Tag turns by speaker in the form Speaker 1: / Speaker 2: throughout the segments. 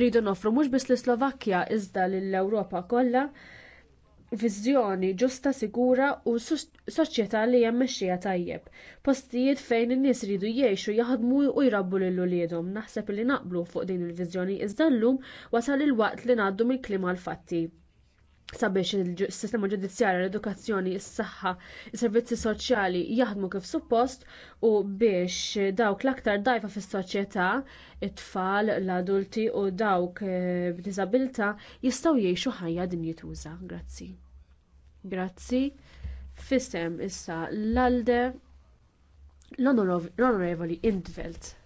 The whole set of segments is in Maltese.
Speaker 1: rridu nofru mhux biss lis Slovakkja iżda lill-Ewropa kollha viżjoni ġusta, sigura u soċjetà li hija mmexxija tajjeb. Postijiet fejn in-nies iridu jgħixu jaħdmu u jrabbu lil uliedhom. Naħseb li naqblu fuq din il-viżjoni iżda llum wasal il-waqt li ngħaddu mill-klima l-fatti sabiex il-sistema ġudizzjarja, l-edukazzjoni, s saħħa is-servizzi soċjali jaħdmu kif suppost u biex dawk l-aktar dajfa fis-soċjetà, it-tfal, l-adulti u dawk eh, b'diżabilità jistgħu jgħixu ħajja dinjituża. Grazzi. Grazzi. Fisem issa l-alde l-onorevoli Indvelt.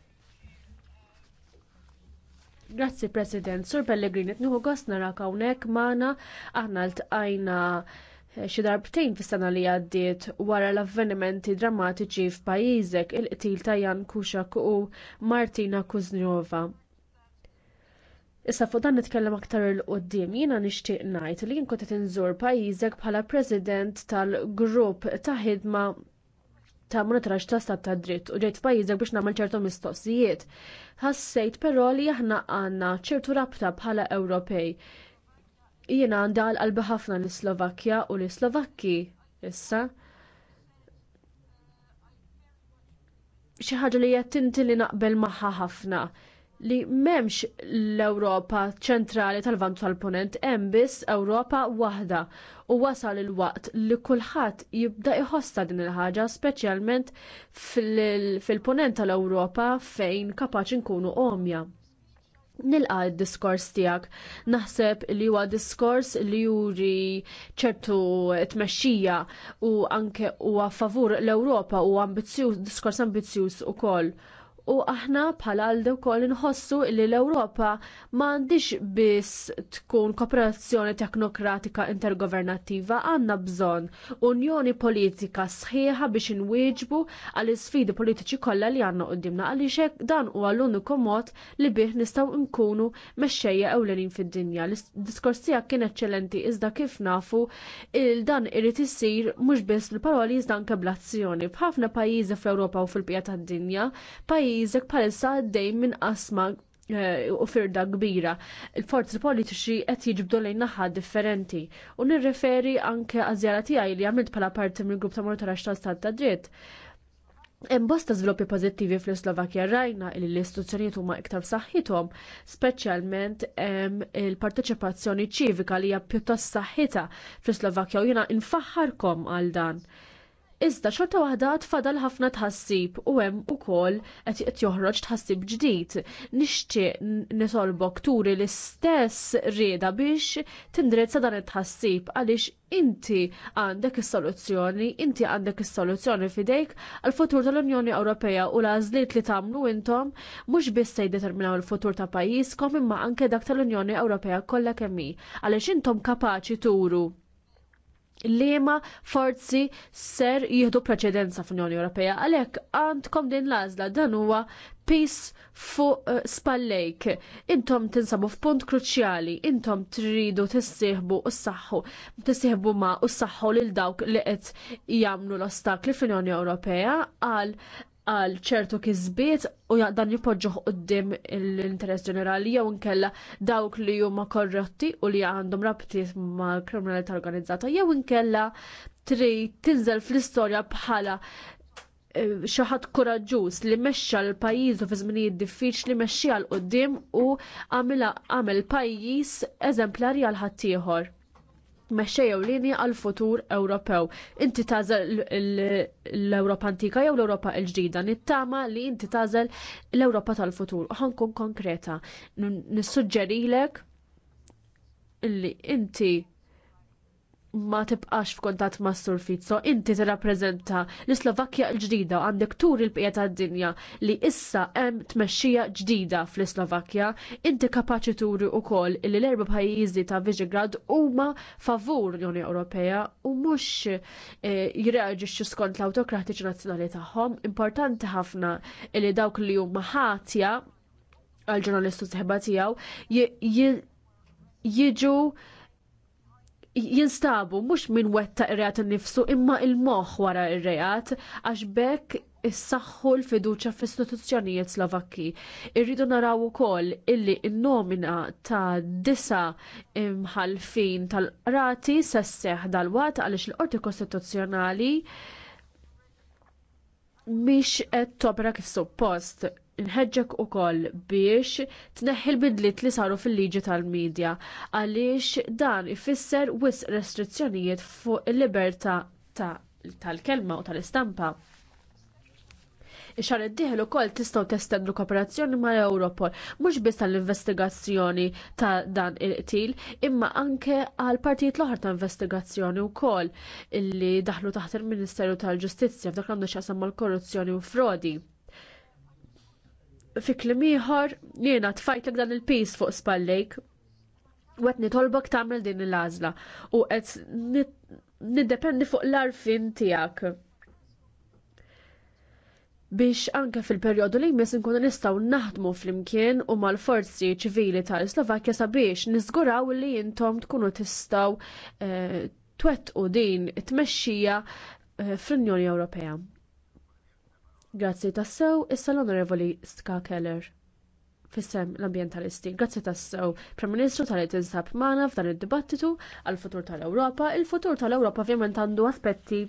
Speaker 1: Grazzi President, Sur Pellegrini, tnuħu gosna rak hawnhekk magħna aħna ltqajna eh, xi darbtejn fis-sena li għaddiet wara l-avvenimenti drammatiċi f'pajjiżek il-qtil ta' Jan Kuxak u Martina Kuznjova. Issa fuq dan nitkellem aktar il qoddim jiena nixtieq ngħid li jien kont qed inżur pajjiżek bħala President tal-grupp ta' ħidma ta' monitoraġġ ta' stat ta' dritt u ġejt f'pajjiżek biex nagħmel ċertu mistoqsijiet. Ħassejt però li aħna għandna ċertu rabta bħala Ewropej. Jiena għandha qalbi ħafna l-Slovakkja u l-Slovakki issa. Xi ħaġa li qed tinti li naqbel magħha ħafna li memx l-Ewropa ċentrali tal-vant tal-ponent, hemm biss Ewropa waħda u wasal il-waqt li kulħadd jibda jħossa din il-ħaġa speċjalment fil-ponent tal-Ewropa fejn kapaċi nkunu omja. Nilqa id diskors tiegħek. Naħseb li huwa diskors li juri ċertu tmexxija u anke huwa favur l-Ewropa u diskors ambizzjuż ukoll. U aħna bħala għaldew kol nħossu li l-Ewropa m'għandix biss tkun kooperazzjoni teknokratika intergovernattiva għandna bżonn unjoni politika sħiħa biex inwieġbu għall isfidi politiċi kollha li għandna qudiemna għaliex hekk dan huwa l-uniku mod li bih nistgħu nkunu mexxejja ewlenin fid-dinja. L-diskors tiegħek kien eċċellenti iżda kif nafu il-dan irid isir mhux biss l-paroli iżda anke bl-azzjoni. F'ħafna pajjiżi fl-Ewropa u fil-qija tad-dinja, pajjiżek bħalissa għaddej minn qasma eh, u firda kbira. Il-forzi politiċi qed jiġbdu lejn naħa differenti. U nirreferi anke għażjara tiegħi li għamilt bħala parti mill-grupp ta' Mortarax tal-Stat ta' Dritt. Hemm bosta żviluppi pożittivi fl-Slovakkja rajna li l-istituzzjonijiet huma iktar saħħithom, speċjalment il-parteċipazzjoni ċivika li hija pjuttost saħħitha fl-Slovakkja u jiena infaħħarkom għal dan. Iżda xorta waħda tfadal ħafna tħassib u hemm ukoll qed joħroġ tħassib ġdid. Nixtieq nisolbok turi l-istess rieda biex tindrezza dan it-tħassib għaliex inti għandek is-soluzzjoni, inti għandek is-soluzzjoni fidejk għal futur tal-Unjoni Ewropea u l-għażliet li tagħmlu intom mhux biss se jiddeterminaw il-futur ta' pajjiżkom imma anke dak tal-Unjoni Ewropea kollha kemm hi għaliex intom kapaċi turu liema forzi ser jieħdu preċedenza fl-Unjoni Ewropea. Għalhekk għandkom din l-għażla dan huwa peace fuq eh, spallejk. Intom tinsabu f'punt kruċjali, intom tridu tissieħbu u s-saħħu, tissieħbu ma u s-saħħu lil dawk li qed jagħmlu l-ostakli fl-Unjoni Ewropea għal għal ċertu kisbiet u dan jipoġġuħ qoddim l-interess ġenerali jew inkella dawk li huma korrotti u li għandhom rabtiet ma' kriminalità organizzata jew inkella trid tinżel fl-istorja bħala eh, xi ħadd kuraġġuż li mexxa l u fi żminijiet diffiċli mexxi l qoddim u għamel pajjiż eżemplari għal ħaddieħor mexxejja linja għal futur Ewropew. Inti tażel l-Ewropa antika jew l-Ewropa l-ġdida, nittama li inti tażel l-Ewropa tal-futur. U ħankun konkreta. Nissuġġerilek li inti ma tibqax f'kontatt ma' s-surfit. so inti t-rapprezenta l-Slovakkja l-ġdida u għandek tur il bqija tad-dinja li issa hemm tmexxija ġdida fl-Slovakkja, inti kapaċi turi wkoll li l-erba' pajjiżi ta' Viġigrad huma favur l-Unjoni Ewropea u mhux eh, jirreaġixxu skont l-awtokratiċi nazzjonali tagħhom. Importanti ħafna li dawk li huma ħatja għal ġurnalistu sħiba tiegħu jiġu jinstabu mhux minn wetta ir-reat innifsu imma il-moħħ wara r reat għax bekk issaħħu l-fiduċja fl-istituzzjonijiet Slovakki. Irridu naraw ukoll illi n-nomina ta' disa imħalfin tal-rati sesseħ dal-wat għaliex l-Qorti Kostituzzjonali mhix qed tobra kif suppost u ukoll biex tneħħi l-bidliet li saru fil-liġi tal-medja għaliex dan ifisser wisq restrizzjonijiet fuq il-libertà tal-kelma u tal-istampa. Ix-xar id-dieħel ukoll tistgħu testendu kooperazzjoni mal Europol mhux biss tal-investigazzjoni ta' dan il-qtil, imma anke għal partijiet l-oħra ta' investigazzjoni wkoll illi daħlu taħt il-Ministeru tal-Ġustizzja f'dak għandu x'jaqsam mal-korruzzjoni u frodi fi klimiħor ieħor jiena tfajtlek dan il-pis fuq spallejk. U qed nitolbok tagħmel din il-għażla u qed niddependi fuq l-arfin tiegħek biex anke fil-perjodu li jmiss nkun nistgħu naħdmu flimkien u mal-forzi ċivili tal-Slovakkja sabiex niżguraw li intom tkunu tistgħu eh, twettqu din t tmexxija eh, fl-Unjoni Ewropea. Grazzi tassew, issa l-Onorevoli Ska Keller fissem l-ambientalisti. Grazzi tassew, Prim Ministru tal tinsab mana f'dan id-dibattitu għal-futur tal-Ewropa. Il-futur tal-Ewropa ovvjament għandu aspetti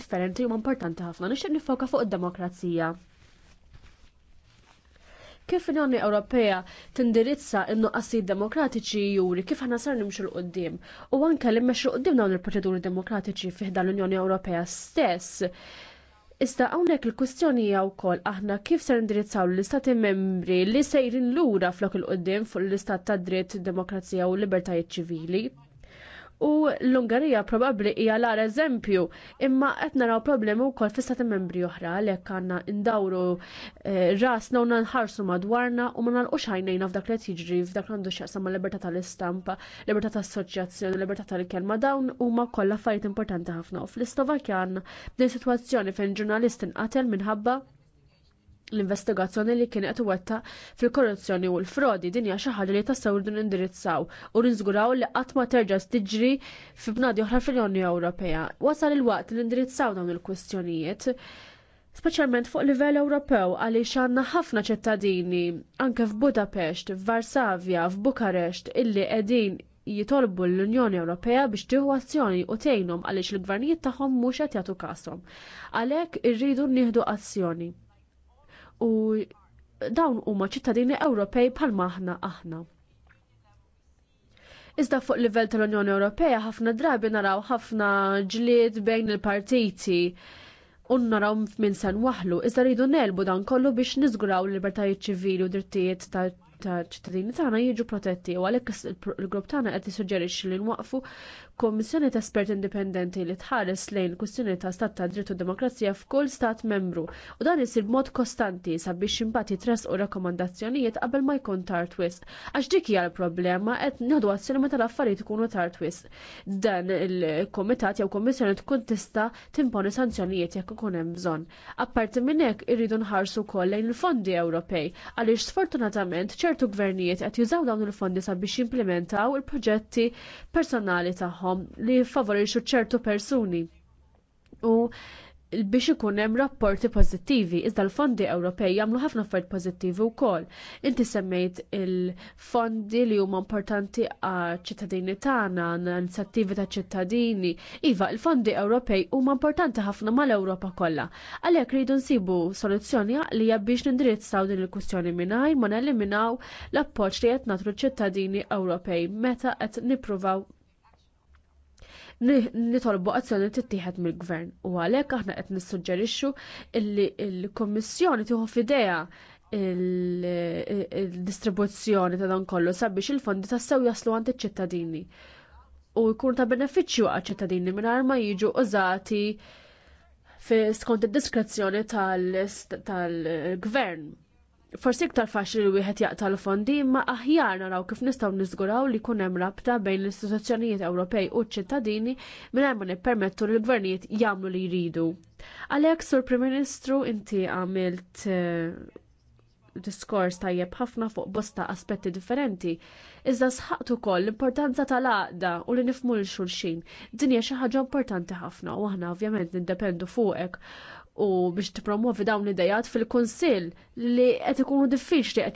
Speaker 1: differenti u importanti ħafna. Nixtieq nifoka fuq id-demokrazija. Kif l-Unjoni Ewropea tindirizza n nuqqasijiet demokratiċi juri kif ħana sar nimxu l-qoddim u anke li mmexxu qoddim dawn il-proċeduri demokratiċi fiħda l-Unjoni Ewropea stess Iżda hawnhekk il-kwistjoni hija wkoll aħna kif ser indirizzaw l-istati membri li sejrin lura flok il-qudiem fuq l-istat ta' dritt, demokrazija u libertajiet ċivili u l-Ungerija probabbli hija l-ar eżempju, imma qed naraw problemi wkoll fi stati membri oħra għalhekk għandna ndawru eh, ras u nħarsu madwarna u ma nagħlqux ħajnejna f'dak li qed jiġri f'dak għandu x'jaqsam ma' libertà tal-istampa, libertà tas-assoċjazzjoni, libertà tal-kelma dawn huma kollha affarijiet importanti ħafna. U fl-Istovakja għandna din sitwazzjoni fejn ġurnalist inqatel minħabba l-investigazzjoni li kienet wetta fil-korruzzjoni u l-frodi dinja xi ħaġa li tassew nindirizzaw u ninżguraw li qatt ma terġa' tiġri fi bnadi oħra fl-Unjoni Ewropea. Wasal il-waqt li nindirizzaw dawn il-kwistjonijiet speċjalment fuq livell Ewropew għaliex għandna ħafna ċittadini anke f'Budapest, f'Varsavja, f'Bukarest illi qegħdin jitolbu l-Unjoni Ewropea biex tieħu azzjoni u tgħinhom għaliex il-gvernijiet tagħhom mhux qed jagħtu kasom. Għalhekk irridu nieħdu azzjoni u dawn huma ċittadini Ewropej bħal maħna aħna. Iżda fuq livell tal-Unjoni Ewropea ħafna drabi naraw ħafna ġlied bejn il-partiti u naraw minn sen waħlu, iżda rridu nelbu dan kollu biex niżguraw l-libertajiet ċivili u drittijiet tal ċittadini tagħna jiġu protetti u għalhekk il-grupp tagħna qed jisuġġerixxi li nwaqfu Kommissjoni ta' esperti Indipendenti li tħares lejn kwistjoni ta' stat ta' dritt u demokrazija f'kull stat membru u dan isir b'mod kostanti sabiex imbagħad jitresqu rakkomandazzjonijiet qabel ma jkun tard wisq. Għax dik hija l-problema qed nieħdu azzjoni meta l-affarijiet ikunu tard Dan il-kumitat jew kommissjoni tkun tista' timponi sanzjonijiet jekk ikun hemm bżonn. Apparti minn hekk irridu nħarsu wkoll lejn il-fondi Ewropej għaliex sfortunatament ċertu gvernijiet qed jużaw dawn il-fondi sabiex jimplementaw il-proġetti personali tagħhom tagħhom li jiffavorixxu ċertu persuni. U biex ikun hemm rapporti pożittivi, iżda l-fondi Ewropej jagħmlu ħafna affarijiet pożittivi wkoll. Inti semmejt il-fondi li huma importanti għaċ-ċittadini tagħna, inizjattivi ta' ċittadini. Iva, il-fondi Ewropej huma importanti ħafna mal-Ewropa kollha. Għalhekk rridu nsibu soluzzjoni għaqlija biex nindirizzaw din il-kwistjoni mingħajr ma neliminaw l-appoġġ li qed nagħtu ċittadini Ewropej meta qed nippruvaw nitolbu azzjoni tittieħed mill-gvern u għalhekk aħna qed nissuġġerixxu illi l-Kummissjoni tieħu f'idea il-distribuzzjoni ta' dan kollu sabiex il-fondi tassew jaslu għand iċ-ċittadini u jkun ta' benefiċċju għal ċittadini mingħajr ma jiġu użati skont id-diskrezzjoni tal-gvern. Forsi iktar faċli li wieħed jaqta' l-fondi, ma aħjar naraw kif nistgħu niżguraw li jkun hemm rabta bejn l-istituzzjonijiet Ewropej u ċ-ċittadini mingħajr ma nippermettu li l-gvernijiet jagħmlu li jridu. Għalhekk, Sur Prim Ministru, inti għamilt eh, diskors tajjeb ħafna fuq bosta aspetti differenti, iżda sħaqtu ukoll l-importanza tal-għaqda u li nifmu l-xulxin. Dinja xi ħaġa importanti ħafna u aħna ovvjament nindependu fuqek u biex tippromovi dawn l-idejat fil-Kunsill li qed ikunu diffiċli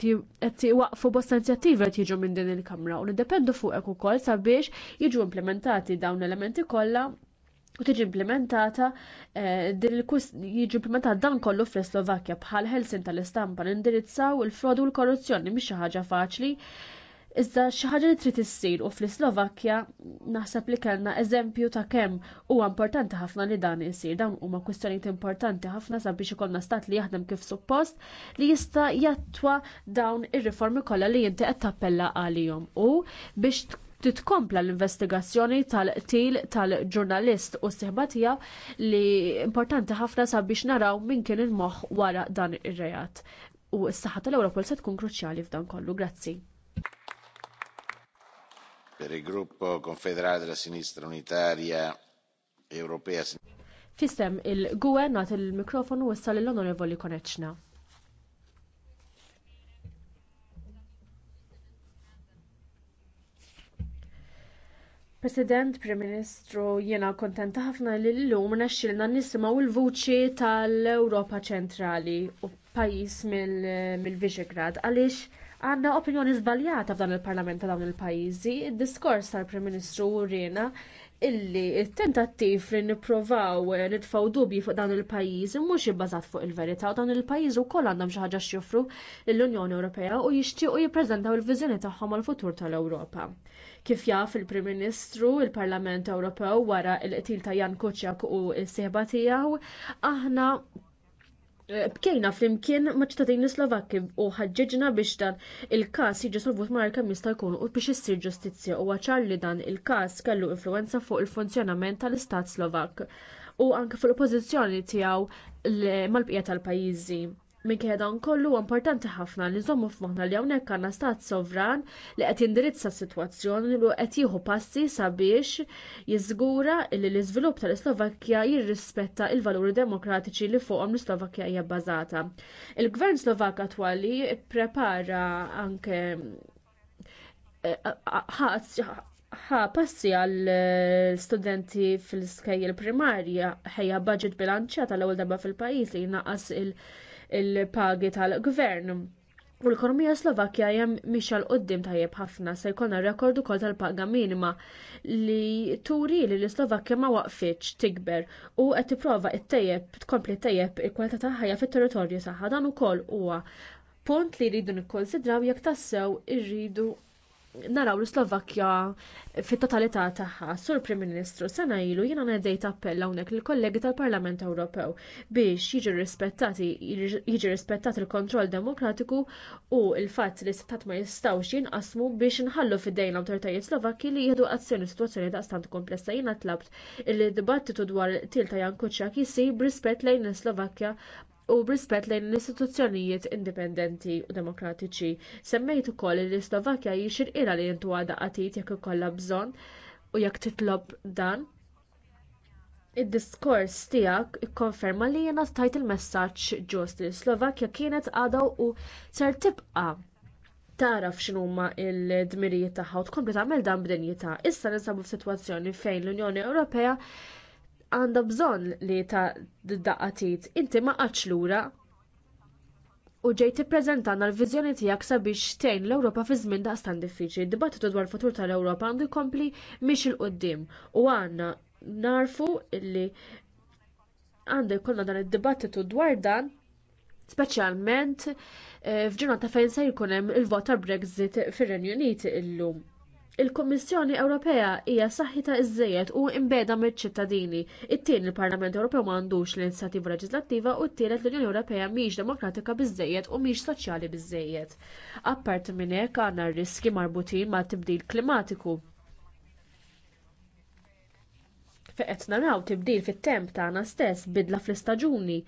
Speaker 1: qed iwaqfu bosta inizjattivi qed jiġu minn din il-Kamra u niddependu fuqek ukoll sabiex jiġu implementati dawn l-elementi kollha u tiġi implementata eh, jiġi implementat dan kollu fl-Slovakkja bħal ħelsin tal-istampa indirizzaw il-frodi u l-korruzzjoni mhix xi ħaġa faċli Iżda xi ħaġa li trid issir u fl-Slovakkja naħseb li kellna eżempju ta' kemm huwa importanti ħafna li dan isir. Dawn huma kwistjonijiet importanti ħafna sabiex ikollna stat li jaħdem kif suppost li jista' jattwa dawn ir-riformi kollha li inti qed tappella għalihom u biex titkompla l-investigazzjoni tal til tal-ġurnalist u s sihbatija tiegħu li importanti ħafna sabiex naraw min kien il-moħħ wara dan ir-reat. U s-saħħa tal-Ewropol se tkun kruċjali f'dan kollu. Grazzi.
Speaker 2: Per il gruppo confederale della sinistra
Speaker 3: unitaria europea.
Speaker 1: Fistem il-gwe nat il-mikrofonu wissal lill onorevoli Koneċna. President, Prim Ministru, jiena kontenta ħafna li l-lum naxxilna nisimaw il-vuċi tal-Europa ċentrali u pajis mill-Visegrad mil għaliex għandna opinjoni żbaljata f'dan il-Parlament ta' dawn il-pajjiżi, il diskors tal-Prim Ministru urina illi il-tentattiv li nipprovaw eh, nitfaw dubji fuq dan il pajjiżi mhux ibbażat fuq il-verità u dan il-pajjiż ukoll għandhom xi ħaġa xjofru lill-Unjoni Ewropea u jixtiequ jippreżentaw il-viżjoni tagħhom għall futur tal-Ewropa. Kif jaf il-Prim Ministru, il-Parlament Ewropew wara l-qtil ta' Jan Kuċjak u s-sieħba tiegħu, aħna bkejna flimkien ma' l Slovakki u ħagġeġna biex dan il-każ jiġi solvut mara kemm jista' jkun u biex issir ġustizzja u għaċar li dan il-każ kellu influwenza fuq il-funzjonament tal-Istat Slovak u anke fuq il-pożizzjoni tiegħu mal-bqija tal-pajjiżi. Minkejja kollu huwa importanti ħafna li nżommu f'moħħna li hawnhekk għandna stat sovran li qed jindirizza s-sitwazzjoni u qed jieħu passi sabiex jiżgura li l-iżvilupp tal islovakkja jirrispetta l valuri demokratiċi li fuqhom l-Slovakkja hija bbażata. Il-Gvern Slovak attwali prepara anke eh, ħa passi għal studenti fil-skajjel primarja ħejja budget bilanċjata l-ewwel darba fil-pajjiż li jnaqqas il- il-pagi tal-gvern. U l-ekonomija Slovakkja jem mixa l qoddim tajjeb ħafna se jkollna rekord ukoll tal-paga minima li turi li l-Slovakkja ma waqfitx tikber u qed tipprova ttejjeb tkompli ttejjeb il-kwalità ta' ħajja fit-territorju tagħha dan ukoll huwa punt li jridu nikkonsidraw jekk tassew irridu naraw l-Slovakkja fit-totalità tagħha. Sur Prim Ministru sena ilu jiena ngħidejt appell hawnhekk lill-kollegi tal-Parlament Ewropew biex jiġi rispettati jiġi rispettat il-kontroll demokratiku u l-fatt li stat ma jistgħux jinqasmu biex inħallu fidejn l-awtoritajiet Slovakki li jieħdu azzjoni situazzjoni daqstant komplessa jiena tlabt il-dibattitu dwar tilta ta' Jankuċak b'rispett lejn is-Slovakkja u brispett lejn l-istituzzjonijiet indipendenti u demokratiċi. Semmejt ukoll li l-Slovakkja jixirqira li jintwada qatit jekk ikollha bżonn u jekk titlob dan. Id-diskors tiegħek ikkonferma li jiena stajt il-messaġġ ġust li Slovakkja kienet għadha u ser tibqa' taraf x'inhuma l-dmirijiet tagħha u tkompli tagħmel dan b'dinjità. Issa ninsabu f'sitwazzjoni fejn l-Unjoni Ewropea għandha bżonn li ta' daqqatit, inti ma qatx lura u ġej tippreżentana l-viżjoni tiegħek sabiex tgħin l-Ewropa fi żmien daqstan diffiċli. Dibattitu dwar futur tal-Ewropa għandu jkompli miex il quddiem u għandna narfu li għandu jkollna dan id-dibattitu dwar dan speċjalment eh, f'ġurnata fejn se jkun hemm il-vot tal-Brexit fir-Renju Unit illum. Il-Kummissjoni Ewropea hija saħħitha iżżejjed u mbeda mill-ċittadini. It-tieni il-Parlament Ewropew m'għandux l-inizjattiva leġislattiva u t-tielet l-Unjoni Ewropea mhix demokratika biżżejjed u mhix soċjali biżżejjed. Apparti minn hekk għandna riski marbutin ma' tibdil klimatiku. Feqet naraw tibdil fit-temp tagħna stess bidla fl-istaġuni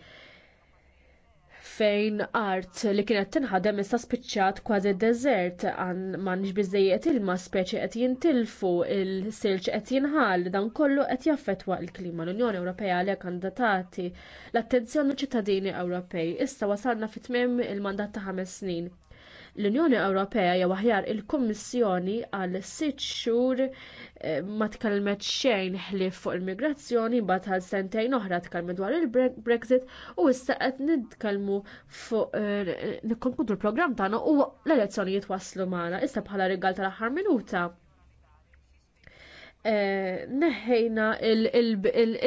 Speaker 1: fejn art li kienet tinħadem issa spiċċat kważi deżert għan m'għandx biżejjed ilma speċi qed jintilfu il-silġ qed jinħal dan kollu qed jaffettwa l-klima. L-Unjoni Ewropea għalhekk għandha l-attenzjoni ċittadini Ewropej. Issa wasalna fit-tmiem il-mandat ta' ħames snin. L-Unjoni Ewropea jew aħjar il-Kummissjoni għal sitt xhur eh, ma tkellmet xejn ħlief fuq il-migrazzjoni imbagħad għal sentejn oħra tkellmet dwar il-Brexit u issa qed nitkellmu fuq eh, nikkonkludu l-programm tagħna u l-elezzjonijiet waslu magħna issa bħala rigal tal-aħħar minuta. Eh, Neħħejna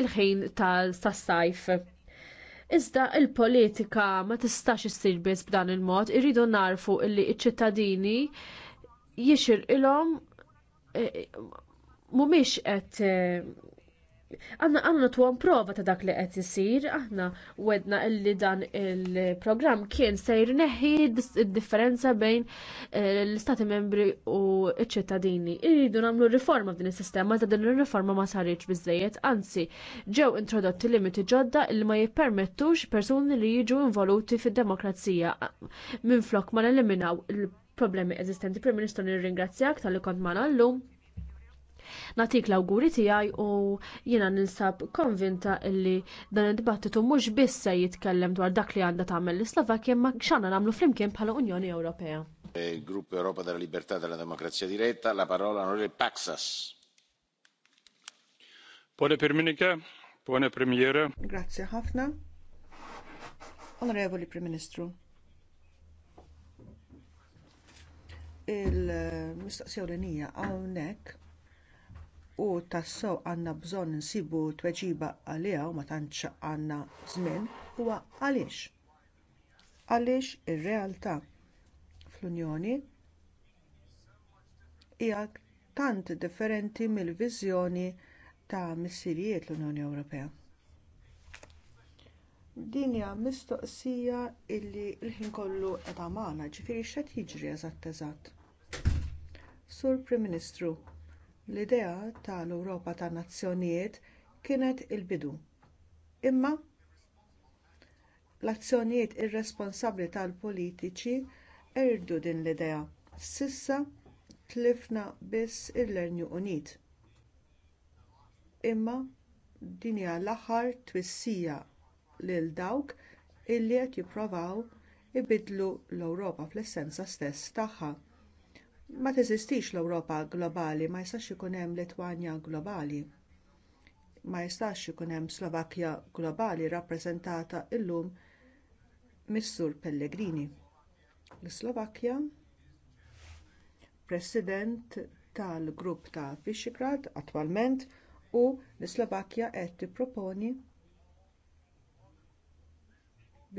Speaker 1: il-ħin tas-sajf. Iżda il-politika ma tistax issir biss b'dan il-mod, irridu narfu illi iċ-ċittadini jixir ilhom eh, mhumiex qed eh, għanna għanna tuwom prova ta' dak li qed isir, aħna wedna illi dan il-programm kien sejr neħi differenza bejn eh, l-istati membri u ċ-ċittadini. Irridu namlu riforma f'din is-sistema ta' din ir-riforma ma sarriċ biżejjed, anzi ġew introdotti limiti ġodda li ma jippermettux persuni li jiġu involuti fid-demokrazija minflok ma neliminaw il-problemi eżistenti. Prim Ministru nirringrazzjak tal-li kont ma' llum Natik l-awguri tiegħi u jiena ninsab konvinta illi dan id-dibattitu mhux biss se jitkellem dwar dak li għandha tagħmel l-Islovakja ma x'għandna nagħmlu flimkien bħala Unjoni Ewropea.
Speaker 3: Eh, Grupp Europa della Libertà e della Democrazia Diretta, la parola onorevole Paxas.
Speaker 4: Buone Pirminike, buone Premiere.
Speaker 5: Grazie ħafna. Onorevoli Prim Ministru. il eh, mistoqsija nija għawnek u tassew għandna bżonn insibu tweġiba għaliha u ma tantx għandna żmien huwa għaliex. Għaliex ir-realtà fl-Unjoni hija tant differenti mill-viżjoni ta' missirijiet l-Unjoni Ewropea. Din hija mistoqsija illi l-ħin kollu qed għamana, ġifieri x'qed jiġri eżatt eżatt. Sur Prim Ministru, L-idea tal-Ewropa tan nazzjonijiet kienet il-bidu. Imma l-azzjonijiet irresponsabbli tal-politiċi erdu din l-idea. Sissa tlifna biss il-Renju Unit. Imma din hija l-aħħar twissija lil dawk illi qed jippruvaw ibiddlu l-Ewropa fl-essenza stess tagħha. Ma teżistix l-Ewropa globali, ma jistax ikun hemm Litwanja globali. Ma jistax ikun hemm Slovakkja globali rappreżentata llum mis-Sur Pellegrini. L-Slovakkja President tal-grupp ta' Visegrad attwalment u l-Slovakkja qed tipproponi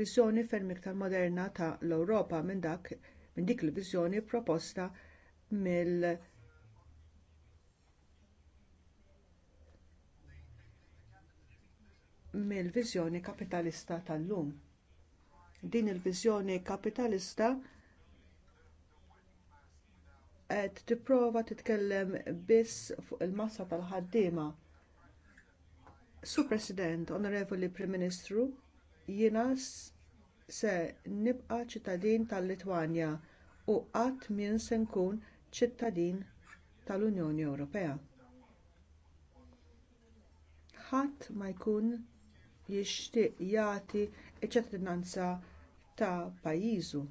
Speaker 5: viżjoni ferm iktar moderna ta' l-Ewropa minn dak minn dik il-viżjoni proposta mill mill-viżjoni kapitalista tal-lum. Din il-viżjoni kapitalista qed tipprova titkellem biss fuq il-massa tal-ħaddiema. Sur President, Onorevoli Prim Ministru, jiena se nibqa' ċittadin tal-Litwanja u qatt min se nkun ċittadin tal-Unjoni Ewropea. Ħadd ma jkun jixtieq jagħti ċ-ċittadinanza ta' pajjiżu.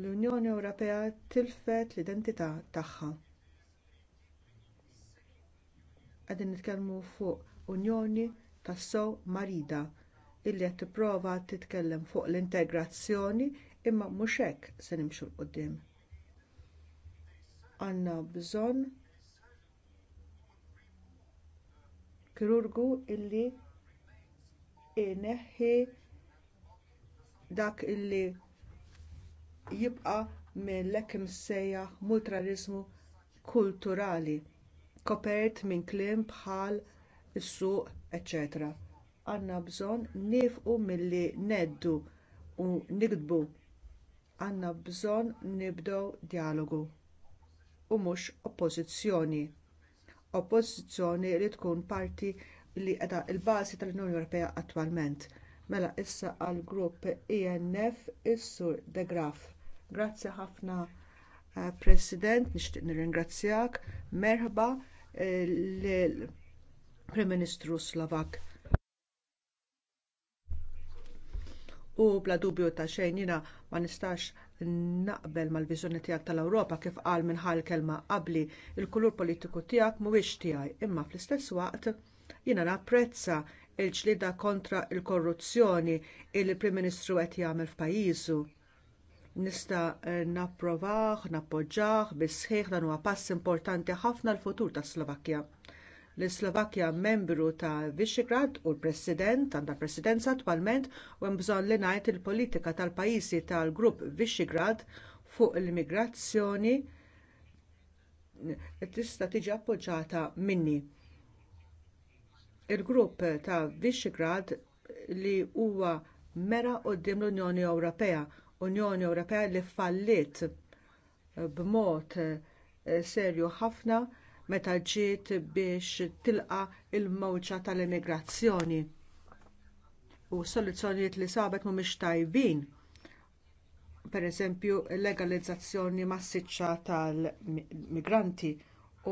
Speaker 5: L-Unjoni Ewropea tilfet l-identità tagħha. Qegħdin nitkellmu fuq Unjoni tas-sew Marida illi qed tipprova titkellem fuq l-integrazzjoni imma mhux hekk se nimxu l qudiem Għandna bżonn kirurgu illi ineħħi dak illi jibqa' minn l-ekim sejja multralizmu kulturali kopert minn kliem bħal is-suq, etc. Għandna bżonn nifqu milli neddu u nikdbu għandna bżonn nibdew dijalogu u mhux oppożizzjoni. Oppożizzjoni li tkun parti li qiegħda l-bażi tal-Unjoni Ewropea attwalment. Mela issa għall grupp INF e is-Sur De Graaf. Grazzi ħafna eh, President, nixtieq nirringrazzjak, merħba eh, lill prim Ministru Slovak u bla dubju ta' xejn jiena ma nistax naqbel mal-viżjoni tiegħek tal-Ewropa kif qal minħal kelma qabbli il-kulur politiku tiegħek mhuwiex tiegħi, imma fl-istess waqt jiena napprezza l ġlieda kontra l korruzzjoni li l prim Ministru qed jagħmel f'pajjiżu. Nista napprovaħ, nappoġġaħ, bisħiħ dan huwa pass importanti ħafna l-futur tas-Slovakkja l islovakkja membru ta' Visegrad u l-President għandha presidenza attwalment u hemm bżonn li ngħid il-politika tal-pajjiżi tal-grupp Visegrad fuq l-immigrazzjoni tista' tiġi appoġġjata minni. Il-grupp ta' Visegrad li huwa mera quddiem l-Unjoni Ewropea, Unjoni Ewropea li fallit b'mod eh, serju ħafna meta ġiet biex tilqa l mowġa tal-immigrazzjoni. U soluzzjonijiet li sabet mhumiex tajbin. Pereżempju legalizzazzjoni massiċċa tal-migranti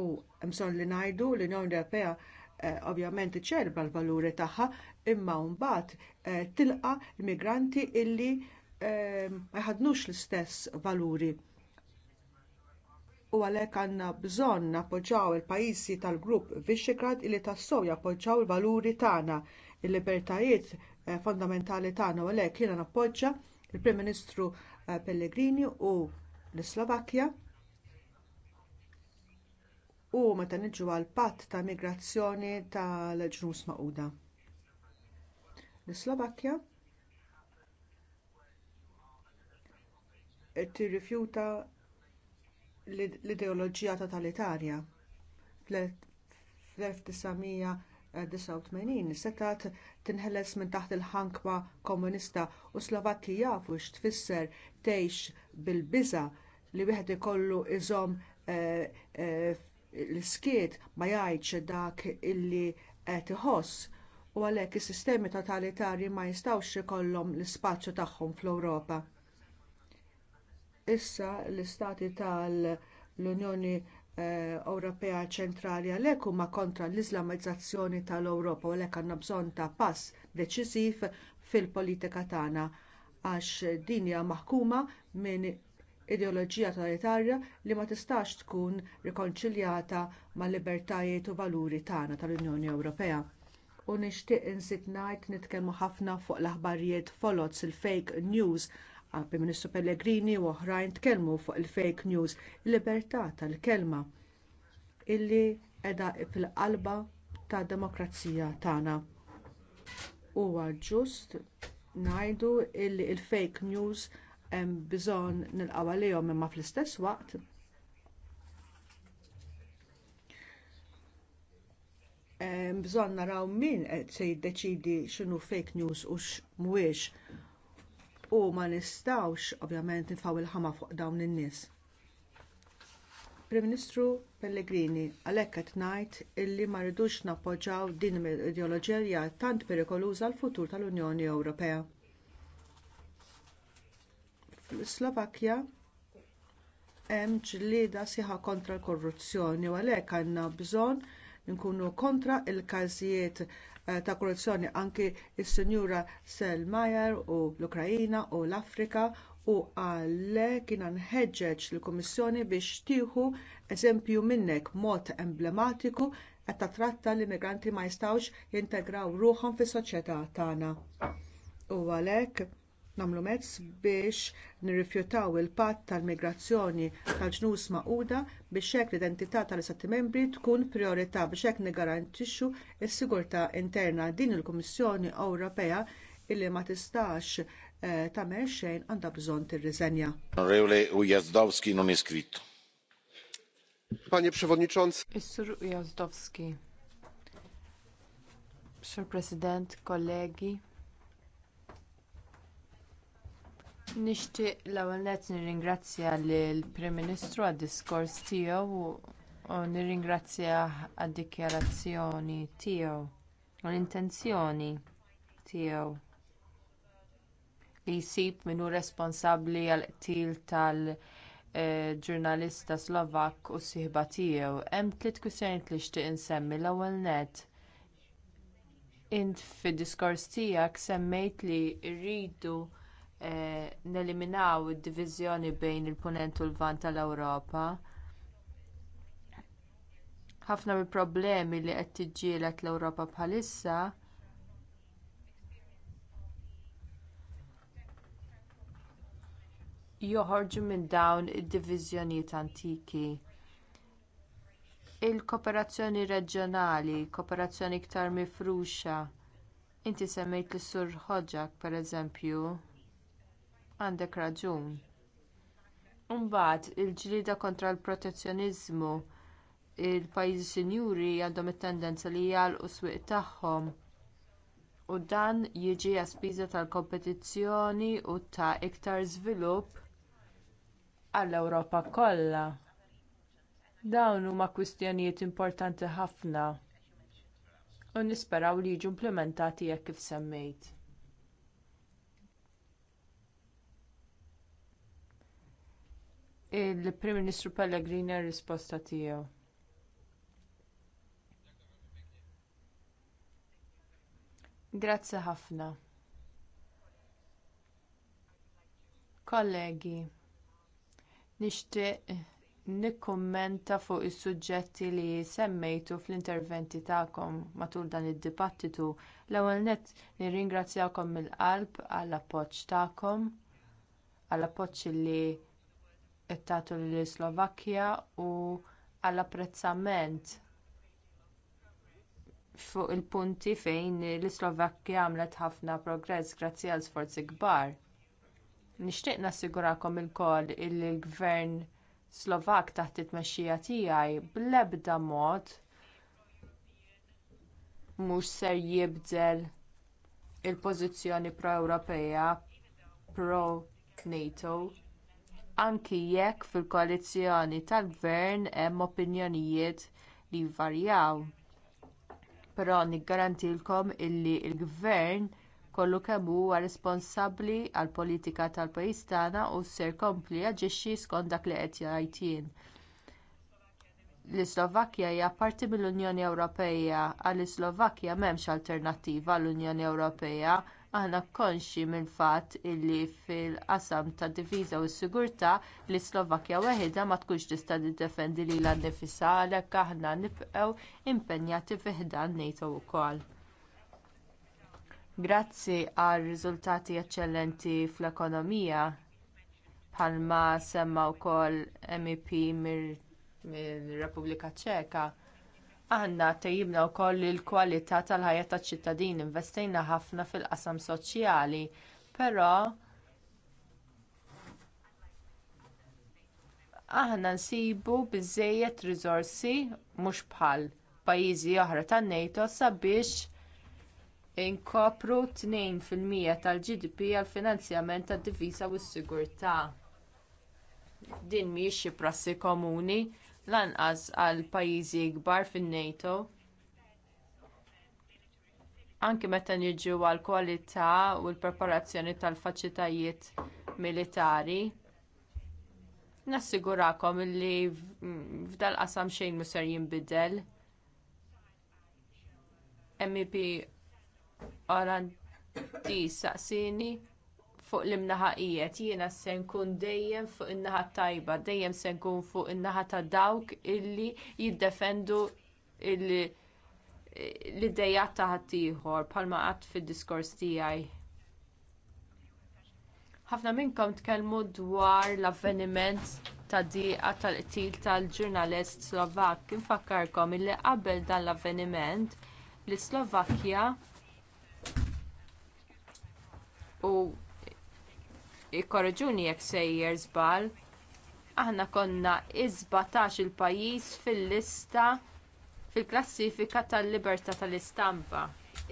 Speaker 5: u mson li ngħidu l-Unjoni Ewropea eh, ovvjament ċerba l-valuri tagħha imma mbagħad eh, tilqa l-migranti illi eh, ma jħadnux l-istess valuri u għalhekk għandna bżonn nappoġġjaw il-pajjiżi tal-grupp Visegrad li tassew jappoġġjaw il-valuri tagħna, il-libertajiet eh, fondamentali tagħna u għalhekk jiena nappoġġja il-Prim Ministru eh, Pellegrini u l-Slovakkja u meta niġu għal patt ta' migrazzjoni tal-ġnus Magħquda. L-Slovakkja tirrifjuta l-ideoloġija totalitarja. Fl-1989 setat tinħeles minn taħt il-ħankma komunista u Slovakki jafu x'tfisser tgħix bil-biża li wieħed ikollu iżom eh, eh, l-skiet ma jgħidx dak illi qed iħoss u għalhekk is-sistemi totalitarji ma jistgħux ikollhom l ispazju tagħhom fl-Ewropa issa l-istati tal-Unjoni eh, Ewropea ċentrali għalhekk huma kontra l-Islamizzazzjoni tal-Ewropa u għalhekk għandna bżonn ta' pass deċisiv fil-politika tagħna għax din hija maħkuma minn ideoloġija totalitarja li ma tistax tkun rikonċiljata mal-libertajiet u valuri tagħna tal-Unjoni Ewropea. U nixtieq insit ngħid nitkellmu ħafna fuq l-aħbarijiet folots il-fake news Prim Ministru Pellegrini u oħrajn tkellmu fuq il-fake news, il-libertà tal-kelma illi qiegħda fil-qalba tad demokrazija tagħna. Huwa ġust ngħidu illi il fake news hemm bżonn nilqgħu għalihom imma fl-istess waqt bżonn naraw min se jiddeċiedi x'inhu fake news u x'mhuwiex u ma nistawx ovvjament nitfaw il-ħama fuq dawn in-nies. Prim Ministru Pellegrini għalhekk qed ngħid illi ma rridux nappoġġjaw din l-ideoloġija tant perikoluża għall futur tal-Unjoni Ewropea. Slovakkja hemm ġlieda siħa kontra l-korruzzjoni u għalhekk għandna bżonn nkunu kontra l każijiet Eh, ta' korruzzjoni anki s-Sinjura Selmajer u l-Ukrajina u l-Afrika u għalhekk jiena nħeġġeġ lill-Kummissjoni biex tieħu eżempju minnek mod emblematiku qed tatratta l-immigranti ma jistgħux jintegraw ruħhom fis-soċjetà tagħna. U għalhekk nagħmlu mezz biex nirrifjutaw il-patt tal-migrazzjoni tal-ġnus Magħquda biex hekk l-identità tal-istati membri tkun prijorità biex hekk niggarantixxu s-sigurtà interna din il-Kummissjoni Ewropea illi ma tistax eh, tagħmel xejn għandha bżonn tirriżenja. Panie
Speaker 4: Przewodniczący. Sur President, kollegi, Nixtieq l-ewwel nett nirringrazzja lill prim Ministru għad-diskors tiegħu u nirringrazzja għad-dikjarazzjoni tiegħu u l-intenzjoni tiegħu li jsib min hu responsabbli għall-qtil tal-ġurnalista Slovak u s-sieħba tiegħu. Hemm tliet kwistjonijiet li xtieq insemmi l-ewwel nett int fid-diskors tiegħek semmejt li rridu Eh, neliminaw id-diviżjoni bejn il-punent u l-lvant tal-Ewropa. Ħafna mill-problemi li qed tiġġieled l-Ewropa bħalissa joħorġu minn dawn id-diviżjonijiet antiki il-kooperazzjoni reġjonali kooperazzjoni iktar mifruxa inti semmejt lis sur ħoġġak pereżempju għandek raġun. Imbagħad il-ġlieda kontra l-protezzjoniżmu il-pajjiżi sinjuri għandhom it-tendenza li u swieq tagħhom u dan jiġi għaspiża tal-kompetizzjoni u ta' iktar żvilupp għall-Ewropa kollha. Dawn huma kwistjonijiet importanti ħafna u nisperaw li jiġu implementati hekk kif semmejt. il-Prim Ministru Pellegrini r-risposta tiegħu. Grazzi ħafna. Kollegi, nixtieq nikkummenta fuq is-suġġetti li semmejtu fl-interventi tagħkom matul dan id-dibattitu. L-ewwel nett nirringrazzjakom mill-qalb għall-appoġġ tagħkom għall-appoġġ li qed tagħtu lill-Slovakkja u għall-apprezzament fuq il-punti fejn l-Slovakkja għamlet ħafna progress grazzi għal sforzi kbar. Nixtieq nassigurakom ukoll li l-Gvern Slovak taħt it-tmexxija tiegħi bl-ebda mod mhux ser jibdel il-pożizzjoni pro-Ewropea pro NATO anki jekk fil-koalizzjoni tal-gvern hemm opinjonijiet li jvarjaw però niggarantilkom illi l-gvern kollu kemm huwa responsabbli għall-politika tal-pajjiż tagħna u se jkompli jaġixxi skont dak li qed jgħid jien l-islovakkja hija parti mill-unjoni ewropea għall-islovakkja m'hemmx alternattiva għall-unjoni ewropea Aħna konxi mill fatt illi fil-qasam tad difiża u s-sigurtà li Slovakkja waħedha ma tkunx tista' tiddefendi lilha nnifisha għalhekk aħna nibqgħu impenjati fi ħdan NATO wkoll. Grazzi għal riżultati eċċellenti fl-ekonomija bħalma semma wkoll MEP mir-Repubblika Ċeka Aħna tejjibna wkoll il-kwalità tal-ħajja taċ-ċittadin investejna ħafna fil-qasam soċjali, però aħna nsibu biżżejjed riżorsi mhux bħal pajjiżi oħra tan-NATO sabiex inkopru tnejn fil-mija tal-GDP għall finanzjament tad-difiża u s-sigurtà. Din mhijiex xi prassi komuni lanqas għal pajjiżi kbar fin-NATO. Anke meta niġu għall kwalità u l-preparazzjoni tal-faċilitajiet militari, nassigurakom li f'dal qasam xejn mhu ser jinbidel. MEP Orandi saqsini fuq l-imnaħa qiegħed jiena se nkun dejjem fuq in-naħa tajba, dejjem se nkun fuq in-naħa ta' dawk illi jiddefendu l ideja ta' ħaddieħor bħalma qatt fid-diskors tiegħi. Ħafna minnkom tkellmu dwar l-avveniment ta' dieqa tal-qtil tal-ġurnalist Slovak. Infakkarkom illi qabel dan l-avveniment l-Slovakkja u ikkorreġuni jekk sejjer żball aħna konna ż-żbatax-il pajjiż fil-lista fil-klassifika tal-libertà tal-istampa.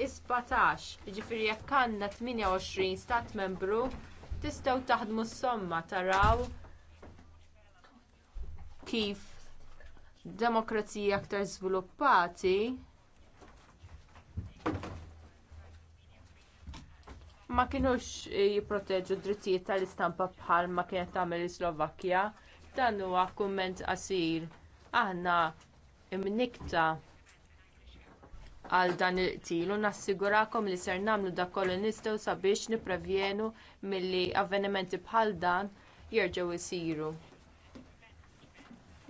Speaker 4: is jiġifieri jekk għandna 28 stat membru, tistgħu taħdmu s-somma taraw kif demokrazija aktar żviluppati ma kinux eh, jipproteġu d-drittijiet tal-istampa bħal ma kienet tagħmel is-Slovakkja. Dan huwa kumment qasir. Aħna imnikta għal dan il-qtil u nassigurakom li ser nagħmlu dak kollu nistgħu sabiex nipprevenu milli avvenimenti bħal dan jerġgħu jsiru.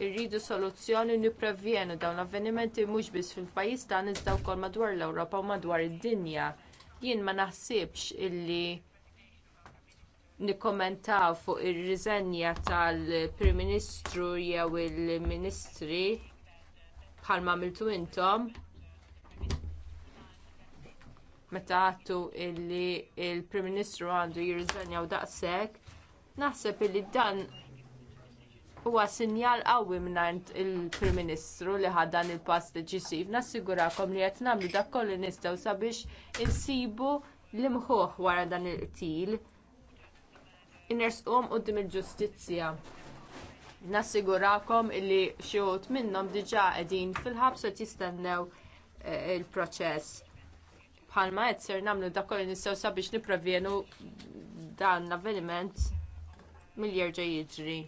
Speaker 4: Irridu soluzzjoni nipprevenu dawn l-avvenimenti mhux biss fil-pajjiż dan iżda wkoll madwar l-Ewropa u madwar id-dinja. Jien ma naħsibx illi nikkommentaw fuq ir-riżenja tal-Prim Ministru jew il-Ministri bħalma għamiltu intom meta għattu illi l prim Ministru għandu jirriżenja u daqshekk naħseb illi dan huwa sinjal qawwi mingħand il-Prim Ministru li ħad dan il-pass deċisiv nassigurakom li qed nagħmlu dak kollu nistgħu sabiex insibu l-imħuħ wara dan il-qtil inersquhom quddiem il-ġustizzja. Nassigurakom li xi wħud minnhom diġà qegħdin fil-ħabs qed jistennew eh, il-proċess. Bħalma qed ser nagħmlu dak kollu nistgħu sabiex nipprevenu dan l-avveniment mill-jerġa' jiġri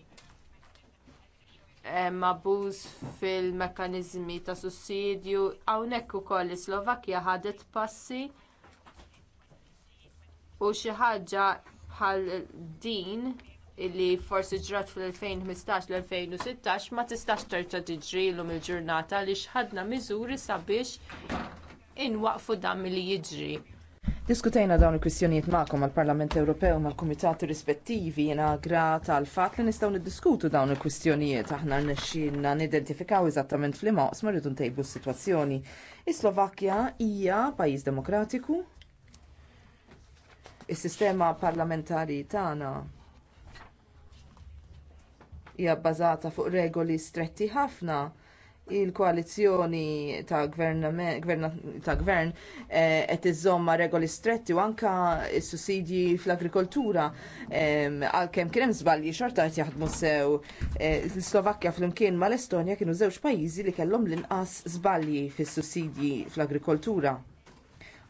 Speaker 4: hemm abbuż fil-mekkaniżmi ta' sussidju hawnhekk ukoll is-Slovakkja ħadet passi u xi ħaġa bħal din illi forsi ġrat fl 2015 l-2016 ma tistax terġa' tiġri llum il-ġurnata għaliex ħadna miżuri sabiex inwaqfu dan milli jiġri
Speaker 2: Diskutejna dawn il-kwistjonijiet ma'kom għal-Parlament Ewropew mal-Kumitati rispettivi jiena grat għal fat li nistgħu niddiskutu dawn il-kwistjonijiet aħna rnexxielna nidentifikaw eżattament f'liema ma rridu ntejbu s-sitwazzjoni. Is-Slovakkja hija pajjiż demokratiku. Is-sistema parlamentari tagħna hija bbażata fuq regoli stretti ħafna il-koalizjoni ta' gvern ta' gvern eh, qed iżomma regoli stretti u anka s-sussidji fl-agrikoltura għalkemm kien hemm żbalji xorta qed jaħdmu sew l-Slovakkja eh, flimkien mal-Estonja kienu żewġ pajjiżi li kellhom l-inqas żbalji fis-sussidji fl-agrikoltura.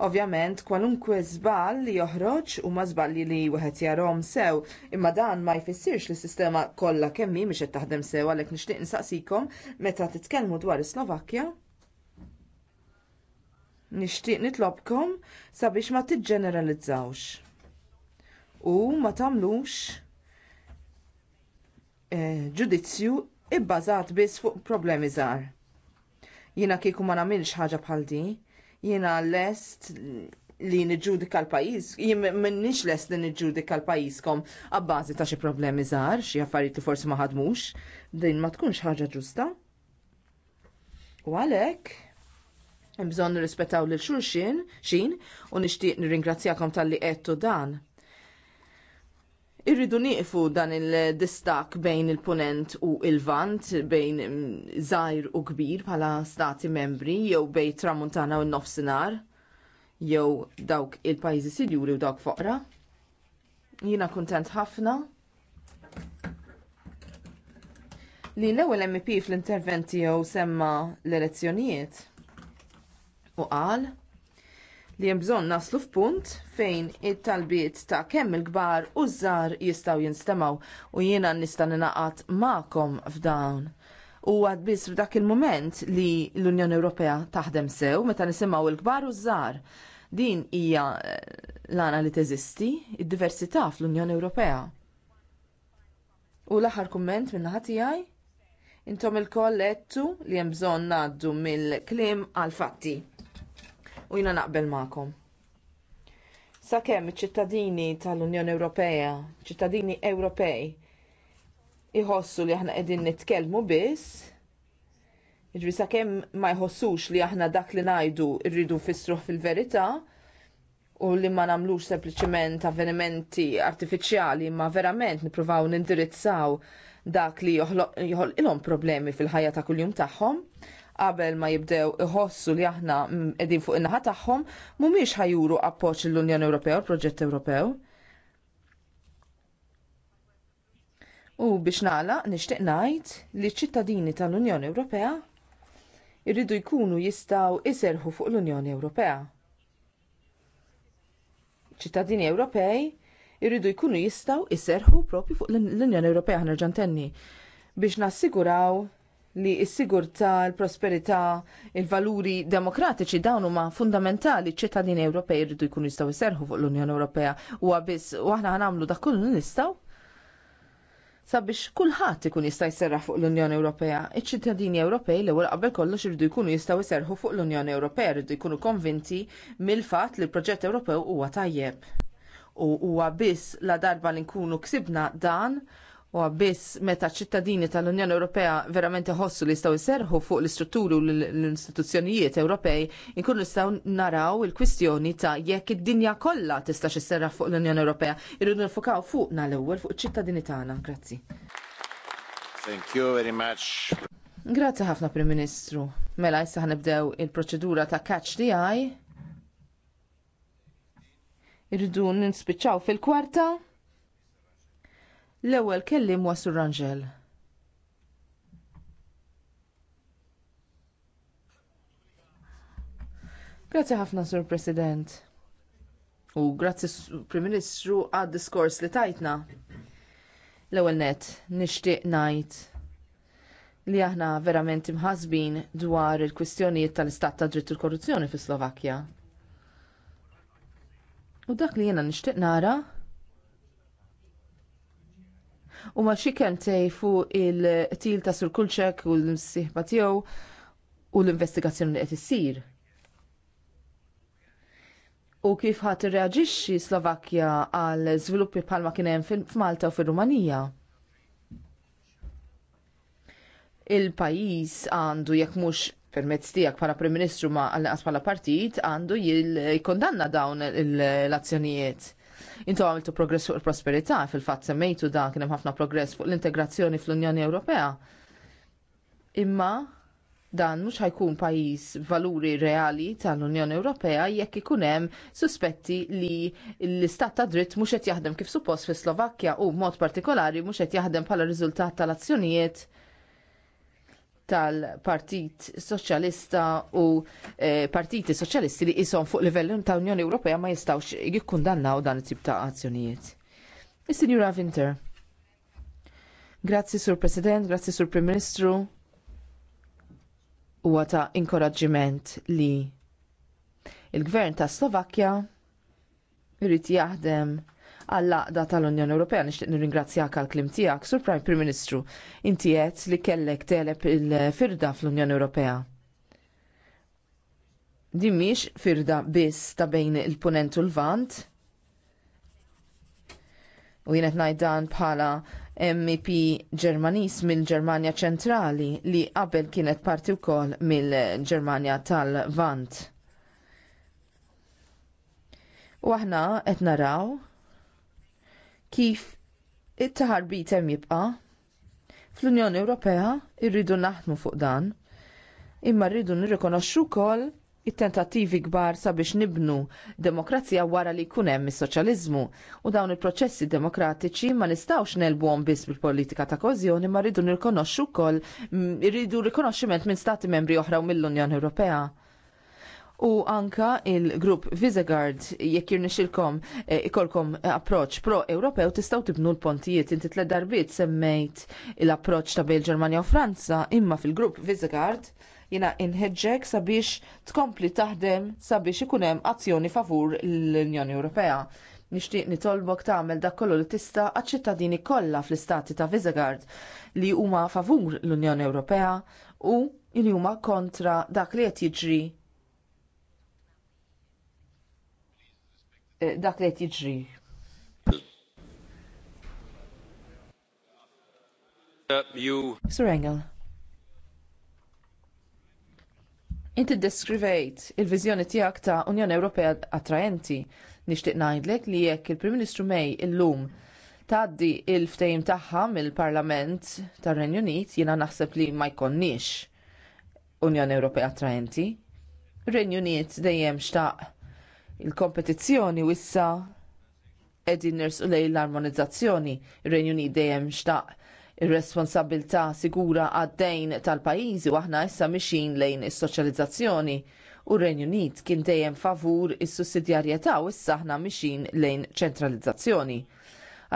Speaker 2: Ovvjament, kwalunkwe żball li joħroġ huma żballi li wieħed jarahom sew, imma dan ma jfissirx li s-sistema kollha kemm hi mhix qed taħdem sew għalhekk nixtieq insaqsikom meta titkellmu dwar is-Slovakkja. Nixtieq nitlobkom sabiex ma tiġġeneralizzawx u ma tagħmlux eh, ġudizzju ibbażat biss fuq problemi żgħar. Jiena kieku ma nagħmilx ħaġa bħal din, Jiena lest li niġġudika l-pajis, jien minnix lest li niġġudika l-pajiskom għabbażi ta' xi problemi żgħar, xi affarijiet li forsi ma ħadmux, din ma tkunx ħaġa ġusta. U għalhekk hemm bżonn nirrispettaw lil xulxin xin u nixtieq nirringrazzjakom talli għettu dan Irridu nieqfu dan il-distak bejn il-ponent u il-vant, bejn żgħir u kbir bħala stati membri, jew bejn tramuntana u n-nofsinhar, jew dawk il-pajjiżi sidjuri u dawk foqra. Jiena kuntent ħafna li l-ewwel MP fl interventi jew semma l-elezzjonijiet u qal li hemm bżonn naslu f'punt fejn it-talbiet ta' kemm il-kbar u żgħar jistgħu jinstemaw u jiena nista' ninaqat magħkom f'dawn. U għad biss f'dak il-moment li l-Unjoni Ewropea taħdem sew meta nisimgħu il-kbar u żgħar. Din hija eh, l-għana li teżisti, id-diversità fl-Unjoni Ewropea. U l-aħħar kumment minn naħa tiegħi? Intom il kollettu li hemm bżonn ngħaddu mill-kliem għal fatti u jina naqbel ma'kom. Sakemm ċittadini tal-Unjoni Ewropea, ċittadini Ewropej, iħossu li aħna qegħdin nitkellmu biss, jiġri sakemm ma jħossux li aħna dak li najdu rridu fissruħ fil-verita u li ma namlux sempliciment avvenimenti artifiċjali ma verament nipruvaw nindirizzaw dak li joħloq ilhom problemi fil-ħajja ta' kuljum tagħhom, qabel ma jibdew iħossu li aħna qegħdin fuq in-naħa tagħhom mhumiex ħajuru appoġġ l-Unjoni Ewropea u l-proġett Ewropew. U biex nagħlaq nixtieq ngħid li ċ-ċittadini tal-Unjoni Ewropea irridu jkunu jistgħu iserħu fuq l-Unjoni Ewropea. ċittadini Ewropej irridu jkunu jistgħu iserħu propju fuq l-Unjoni Ewropea ħanerġan tenni biex nassiguraw li s-sigurtà, l-prosperità, il-valuri demokratiċi dawn huma fundamentali ċittadini Ewropej irridu jkunu jistgħu jserħu fuq l-Unjoni Ewropea u biss u aħna ħanamlu dak kollu nistgħu sabiex kulħadd ikun jista' jserraħ fuq l-Unjoni Ewropea. Iċ-ċittadini Ewropej l-ewwel qabel kollox irridu jkunu jistgħu jserħu fuq l-Unjoni Ewropea, irridu jkunu konvinti mill-fatt li l-proġett Ewropew huwa tajjeb. U huwa biss la darba li nkunu ksibna dan U biss meta ċittadini tal-Unjoni Ewropea verament ħossu li jistgħu jserħu fuq l-istrutturi u l-istituzzjonijiet Ewropej, inkunu nistgħu naraw il-kwistjoni ta' jekk id-dinja kollha tistax isserraħ fuq l-Unjoni Ewropea. Irridu nifukaw fuqna l-ewwel fuq iċ-ċittadini tagħna. Grazzi.
Speaker 1: Thank you very much.
Speaker 2: Grazzi ħafna Prim Ministru. Mela issa ħnibdew il-proċedura ta' catch the eye. Irridu ninspiċċaw fil-kwarta. L-ewwel kellim wasu Ranġel. Grazzi ħafna, Sur President. U grazzi Prim Ministru għad diskors li tajtna. L-ewwel net, nixtieq ngħid li aħna verament imħasbin dwar il-kwistjonijiet tal-istat ta' dritt il-korruzzjoni fi Slovakkja. U dak li jiena nixtieq nara u ma xi kemm fuq il-til ta' sur kulċek u l-msiħba tiegħu u l-investigazzjoni li qed issir. U kif ħadd irreaġixxi Slovakkja għal żviluppi bħalma kien hemm f'Malta u fir-Rumanija. Il-pajjiż għandu jekk mhux permezz tiegħek bħala Prim Ministru ma għal bħala partit għandu jikkondanna dawn l-azzjonijiet Intu għamiltu progress fuq il-prosperità, fil-fatt semmejtu dan kien hemm ħafna progress fuq l-integrazzjoni fl-Unjoni Ewropea. Imma dan mhux ħajkun pajjiż valuri reali tal-Unjoni Ewropea jekk ikun hemm suspetti li l-istat ta' dritt mhux qed jaħdem kif suppost fis Slovakkja u b'mod partikolari mhux qed jaħdem bħala riżultat tal-azzjonijiet tal-Partit Soċjalista u eh, partiti soċjalisti li jisom fuq livellu ta' Unjoni Ewropea ma jistawx jikkundannaw dan it-tip ta' azzjonijiet. Signora Vinter. Winter. Grazzi Sur President, grazzi Sur Prim Ministru. Huwa ta' inkoraġġiment li il-Gvern ta' Slovakkja irid jaħdem għall-laqda tal-Unjoni Ewropea nixtieq nirringrazzjak għal klim tiegħek sur Prime Prim Ministru. Inti qed li kellek teleb il-firda fl-Unjoni Ewropea. Din mhix firda biss ta' bejn il-punent u l-vant. U ngħid dan bħala MEP Ġermanis mill ġermanja ċentrali li qabel kienet parti wkoll mill ġermanja tal-Vant. U aħna qed naraw kif it-taħarbit hemm jibqa'. Fl-Unjoni Ewropea rridu naħdmu fuq dan, imma rridu nirrikonoxxu wkoll it-tentattivi kbar sabiex nibnu demokrazija wara li jkun hemm is-soċjaliżmu u dawn il-proċessi demokratiċi ma nistgħux nelbuhom biss bil-politika ta' kożjoni ma rridu nirkonoxxu wkoll mm, irridu rikonoxximent minn stati membri oħra u mill-Unjoni Ewropea u anka il-grupp Visegard jekk jirnexilkom eh, ikolkom approċ pro-Ewropew tistaw tibnu l-pontijiet inti tled darbiet semmejt l-approċ ta' bejn Ġermanja u Franza imma fil-grupp Visegard jina inħedġek sabiex tkompli taħdem sabiex ikunem azzjoni favur l-Unjoni Ewropea. Nixtieq nitolbok tagħmel dak kollu li tista' għaċ-ċittadini kollha fl-istati ta' Visegard li huma favur l-Unjoni Ewropea u li huma kontra dak li qed jiġri Eh, dak li jiġri. Sur Engel. Inti deskrivejt il-vizjoni tiegħek ta' Unjoni Ewropea attrajenti. Nixtieq ngħidlek li jekk il-Prim Ministru May illum tgħaddi il ftejim tagħha mill-Parlament tar-Renju Unit jiena naħseb li ma jkollniex Unjoni Ewropea attrajenti. Renju Unit dejjem xtaq il-kompetizzjoni wissa qegħdin nersu lejn l-armonizzazzjoni. Ir-Renju Unit dejjem xtaq ir-responsabilità sigura għad-dejn tal-pajjiżi u aħna issa mixin lejn is-soċjalizzazzjoni. U r-Renju Unit kien dejjem favur is-sussidjarjetà u issa aħna mixin lejn ċentralizzazzjoni.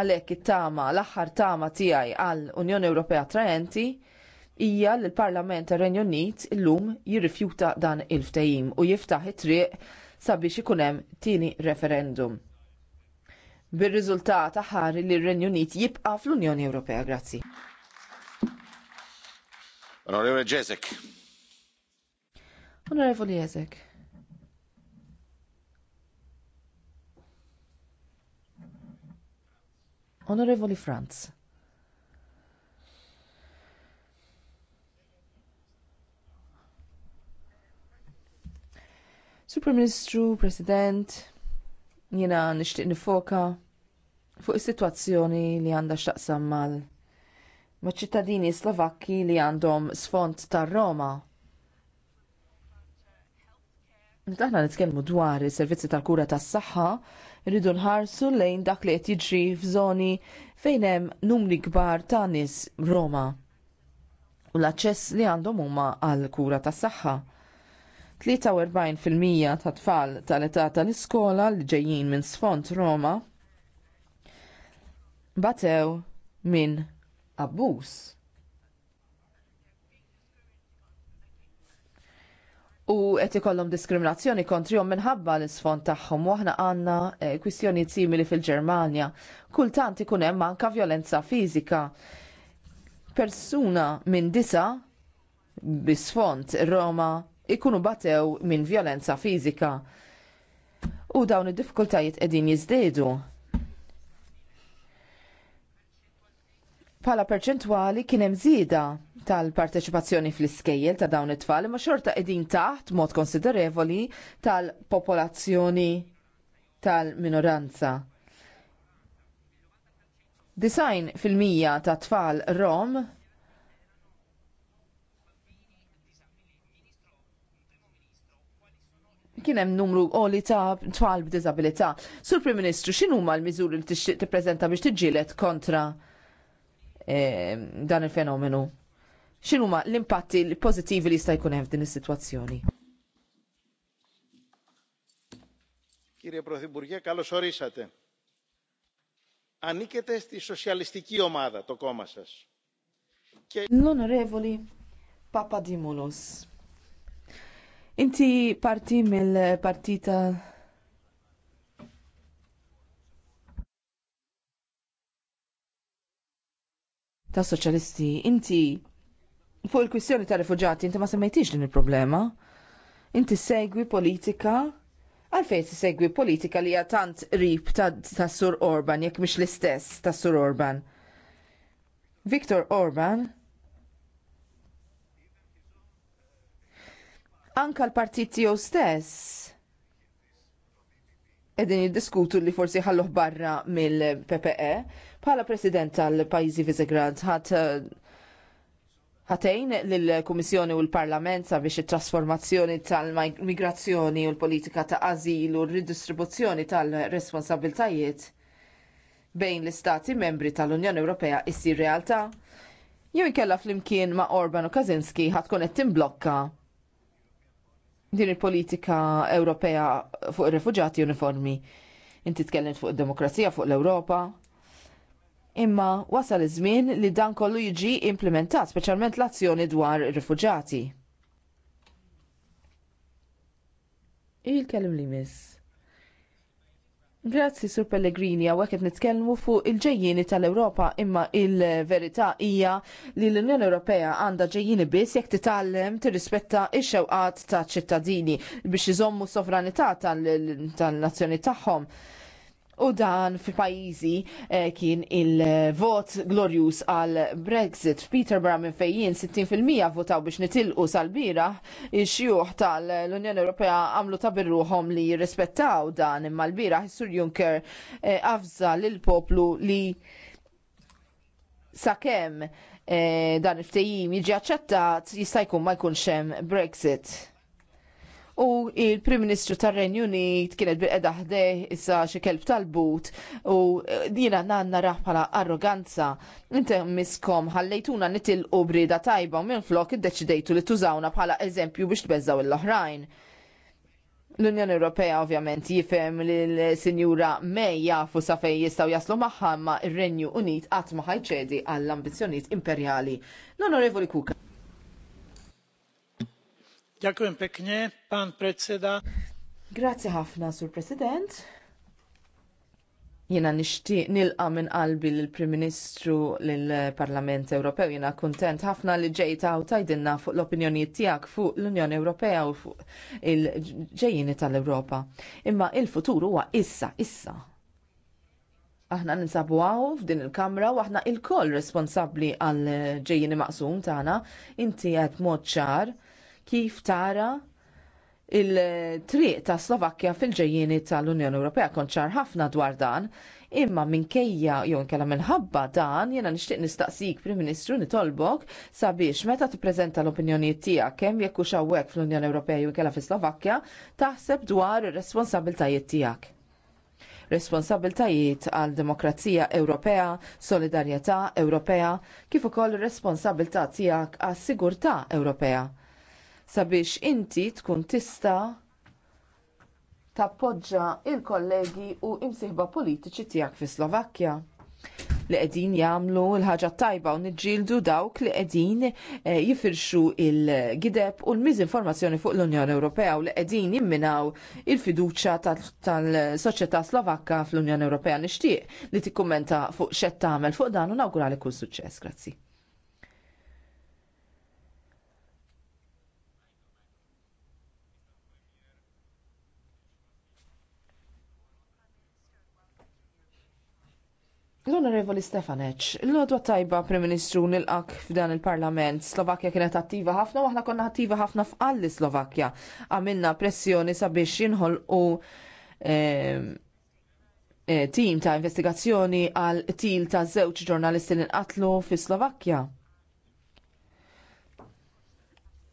Speaker 2: Għalhekk it-tama l-aħħar tama tiegħi għall Unjoni Ewropea Trajenti hija li l-Parlament tar-Renju Unit illum jirrifjuta dan il-ftehim u jiftaħ it-triq sabiex ikun hemm tieni referendum. Bir-riżultat ħari li r-Renju Unit jibqa' fl-Unjoni Ewropea. Grazzi.
Speaker 1: Onorevole Jesek.
Speaker 2: Onorevoli Jezek. Onorevoli Franz. Super Ministru, President, jiena nixtieq nifoka fuq is-sitwazzjoni li għandha x'taqsam mal ma' ċittadini Slovakki li għandhom sfond tar-Roma. Meta nitkellmu dwar is-servizzi tal-kura tas-saħħa, rridu nħarsu lejn dak li qed jiġri f'żoni fejn hemm numri kbar ta' nies Roma u l-aċċess li għandhom huma għall kura tas-saħħa. 43% ta' tfal tal-età tal-iskola li ġejjin minn sfond Roma batew minn abbuż. U qed ikollhom diskriminazzjoni kontrihom minħabba l-isfond tagħhom u aħna għandna eh, kwistjonijiet simili fil-Ġermanja. Kultant ikun hemm anke vjolenza fiżika. Persuna minn disa bisfond Roma ikunu batew minn violenza fiżika. U dawn id-diffikultajiet qegħdin jiżdiedu. Pala perċentwali kien hemm żieda tal-parteċipazzjoni fl-iskejjel ta' dawn it-tfal ma xorta qegħdin taħt mod konsiderevoli tal-popolazzjoni tal-minoranza. Design fil-mija ta' tfal Rom kien hemm numru qoli ta' tfal b'diżabilità. Sur Prim Ministru, x'inhuma l-miżuri li tixtieq tippreżenta biex tiġġieled kontra eh, dan il-fenomenu? X'inhuma l-impatti pożittivi li jista' jkun hemm din is-sitwazzjoni?
Speaker 3: Κύριε Πρωθυπουργέ, καλώς ορίσατε. Ανήκετε στη σοσιαλιστική ομάδα, το κόμμα σας.
Speaker 2: Και... L'onorevoli Papadimoulos. Inti parti mill-partita ta' soċjalisti, inti fuq il-kwistjoni ta' rifugjati, inti ma semmejtix din il-problema. Inti segwi politika għalfej segwi politika li tant rib ta', ta Sur Orban, jekk mhix l-istess ta' Sur Orban. Viktor Orban anka l-partit tiegħu stess edin jiddiskutu li forsi ħalluh barra mill-PPE bħala president tal-pajzi Visegrad ħat eh, ħatejn lill-Kummissjoni u l-Parlament sabiex it-trasformazzjoni tal-migrazzjoni u l-politika ta' azil u r-ridistribuzzjoni tal-responsabiltajiet bejn l-istati membri tal-Unjoni Ewropea issir realtà? Jew inkella flimkien ma' Orban u ħadd tkun qed timblokka din il-politika Ewropea fuq ir refugġati uniformi. Inti tkellimt fuq id-demokrazija fuq l-Ewropa. Imma wasal iż-żmien li dan kollu jiġi implementat, speċjalment l-azzjoni dwar ir-refuġati. Il-kellim li miss. Grazzi, Sur Pellegrini, għawek qed nitkellmu fuq il-ġejjini tal-Ewropa, imma il-verità hija li l-Unjoni Ewropea għandha ġejjini biss jekk titgħallem tirrispetta x-xewqat ta' ċittadini biex iżommu s sovranità tal-nazzjoni tagħhom. U dan fil-pajizi eh, kien il-vot glorjus għal Brexit. Peter Bram fejjien 60% votaw biex nitilqu sal-bira xjuħ tal-Unjoni Ewropea għamlu tabirruħom li jirrispettaw dan imma l-bira jissur Juncker eh, afza l-poplu li sakemm eh, dan il-ftejjim jiġi aċċettat jista' jkun ma jkunx hemm Brexit u il-Prim Ministru tar-Renju Unit kienet bil-qeda ħdej issa xi kelb tal-but u jiena nanna raħ bħala arroganza. Inte miskom ħallejtuna nitilqu brida tajba u minflok iddeċidejtu li tużawna bħala eżempju biex tbeżaw l-oħrajn. L-Unjoni Ewropea ovvjament jifhem li l-Sinjura May jafu sa fejn jistgħu jaslu magħha ma r-Renju Unit qatt ma ħajċedi għall-ambizzjonijiet imperjali. L-Onorevoli Kuka. Ďakujem Grazzi ħafna, Sur President. Jiena nixtieq nilqa minn qalbi lill prim Ministru lill-Parlament Ewropew. Jiena kuntent ħafna li ġejt għaw tajdinna fuq l-opinjonijiet tiegħek fuq l-Unjoni Ewropea u fuq il-ġejjini tal-Ewropa. Imma il-futur huwa issa, issa, aħna ninsabu għaw f'din il-kamra u aħna il-koll responsabli għal ġejjini maqsum tagħna, inti qed mod ċar kif tara il-triq ta' Slovakkja fil-ġejjieni tal-Unjoni Ewropea kont ċar ħafna dwar dan, imma minkejja jew inkella minħabba dan jiena nixtieq nistaqsik Prim Ministru nitolbok sabiex meta tippreżenta l-opinjonijiet tiegħek kemm jekk hux hawnhekk fl-Unjoni Ewropea jew inkella fis-Slovakkja taħseb dwar ir-responsabbiltajiet tiegħek. Responsabiltajiet għal demokrazija Ewropea, solidarjetà Ewropea, kif ukoll ir responsabilità tiegħek għas sigurtà Ewropea sabiex inti tkun tista tappoġġa l kollegi u imsieħba politiċi tiegħek fi Slovakkja li qegħdin jagħmlu l-ħaġa tajba u niġġieldu dawk li qegħdin eh, jifirxu il-gideb u l-miżinformazzjoni fuq l-Unjoni Ewropea u li qegħdin jimminaw il-fiduċja tal-soċjetà Slovakka fl-Unjoni Ewropea nixtieq li tikkummenta fuq x'qed tagħmel fuq dan u nawguralek kull suċċess. Grazzi. L-Onorevoli Stefanec, l-odwa tajba Prim-Ministru nil ak f'dan il-Parlament, Slovakkja kienet attiva ħafna u aħna konna attiva ħafna f'qalli Slovakkja. Għamilna pressjoni sabiex jinħol u ehm, eh, tim ta' investigazzjoni għal til ta' żewġ ġurnalisti li nqatlu fi Slovakkja.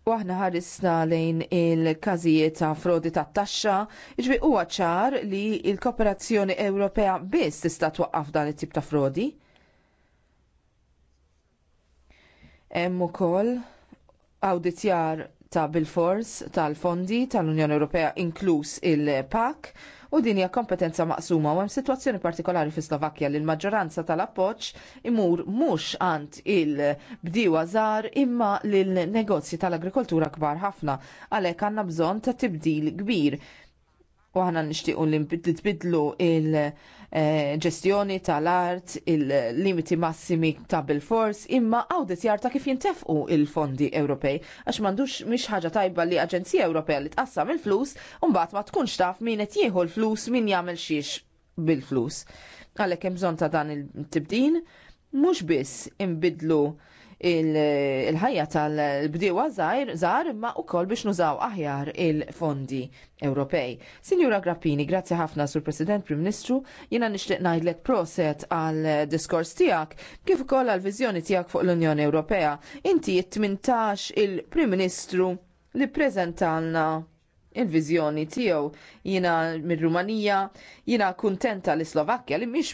Speaker 2: U aħna ħarisna lejn il-każijiet ta' frodi ta' taxxa, iġbi huwa ċar li l-Kooperazzjoni Ewropea biss tista' twaqqaf dan it-tip ta' frodi. Hemm ukoll awditjar ta' bilfors tal-fondi tal-Unjoni Ewropea inkluż il-PAK u din hija kompetenza maqsuma u hemm sitwazzjoni partikolari fi Slovakkja li l-maġġoranza tal-appoġġ imur mhux għand il-bdiewa żgħar imma lil negozji tal-agrikoltura kbar ħafna għalhekk għandna bżonn ta' tibdil kbir u aħna nixtiequ li tbidlu il-ġestjoni tal-art, il-limiti massimi ta' bil-fors, imma għawdet jarta kif jintefqu il-fondi Ewropej, għax mandux miex ħaġa tajba li Aġenzija Ewropea li tqassam il-flus, un ma tkunx taf min qed jieħu l-flus, min jagħmel xiex bil-flus. Għalhekk hemm bżonn ta' dan il-tibdin, mhux biss imbidlu il-ħajja tal-bdiewa żgħir żgħar imma wkoll biex nużaw aħjar il-fondi Ewropej. Sinjura Grappini, grazie ħafna sur President Prim Ministru, jiena nixtieq ngħidlek proset għal diskors tiegħek kif ukoll għal viżjoni tiegħek fuq l-Unjoni Ewropea. Inti it-18 il-Prim Ministru li prezentalna il-vizjoni tiegħu jiena mir-Rumanija, jiena kuntenta li Slovakkja li mhix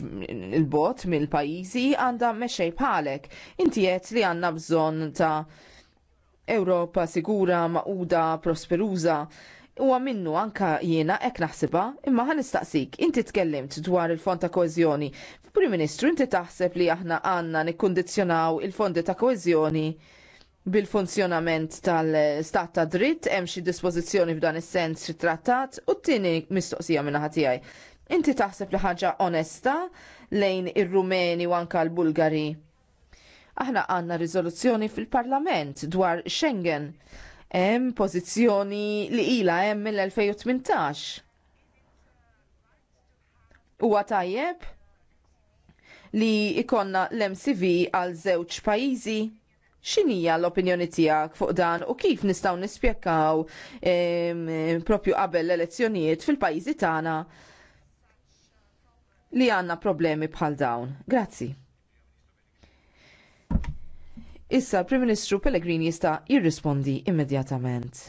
Speaker 2: il-bot mill-pajjiżi għandha mexej bħalek. Inti qed li għandna bżonn ta' Ewropa sigura, maquda, prosperuża. Huwa minnu anka jiena hekk naħsibha, imma ħan nistaqsik, inti tkellimt dwar il-fond ta' koeżjoni. Prim Ministru, inti taħseb li aħna għandna nikkundizzjonaw il-fondi ta' koeżjoni bil-funzjonament tal-stat ta' dritt, hemm xi dispożizzjoni f'dan is-sens fit trattat u t-tieni mistoqsija minn tiegħi. Inti taħseb li ħaġa onesta lejn ir-Rumeni u anke l-Bulgari. Aħna għandna riżoluzzjoni fil-Parlament dwar Schengen. Hemm pożizzjoni li ilha hemm mill-2018. Huwa tajjeb li ikonna l-MCV għal żewġ pajjiżi X'inija l-opinjoni tiegħek fuq dan u kif nistgħu nispjekaw propju qabel l-elezzjonijiet fil-pajjiżi tagħna li għandna problemi bħal dawn. Grazzi. Issa l-Prim Ministru Pellegrini jista' jirrispondi immedjatament.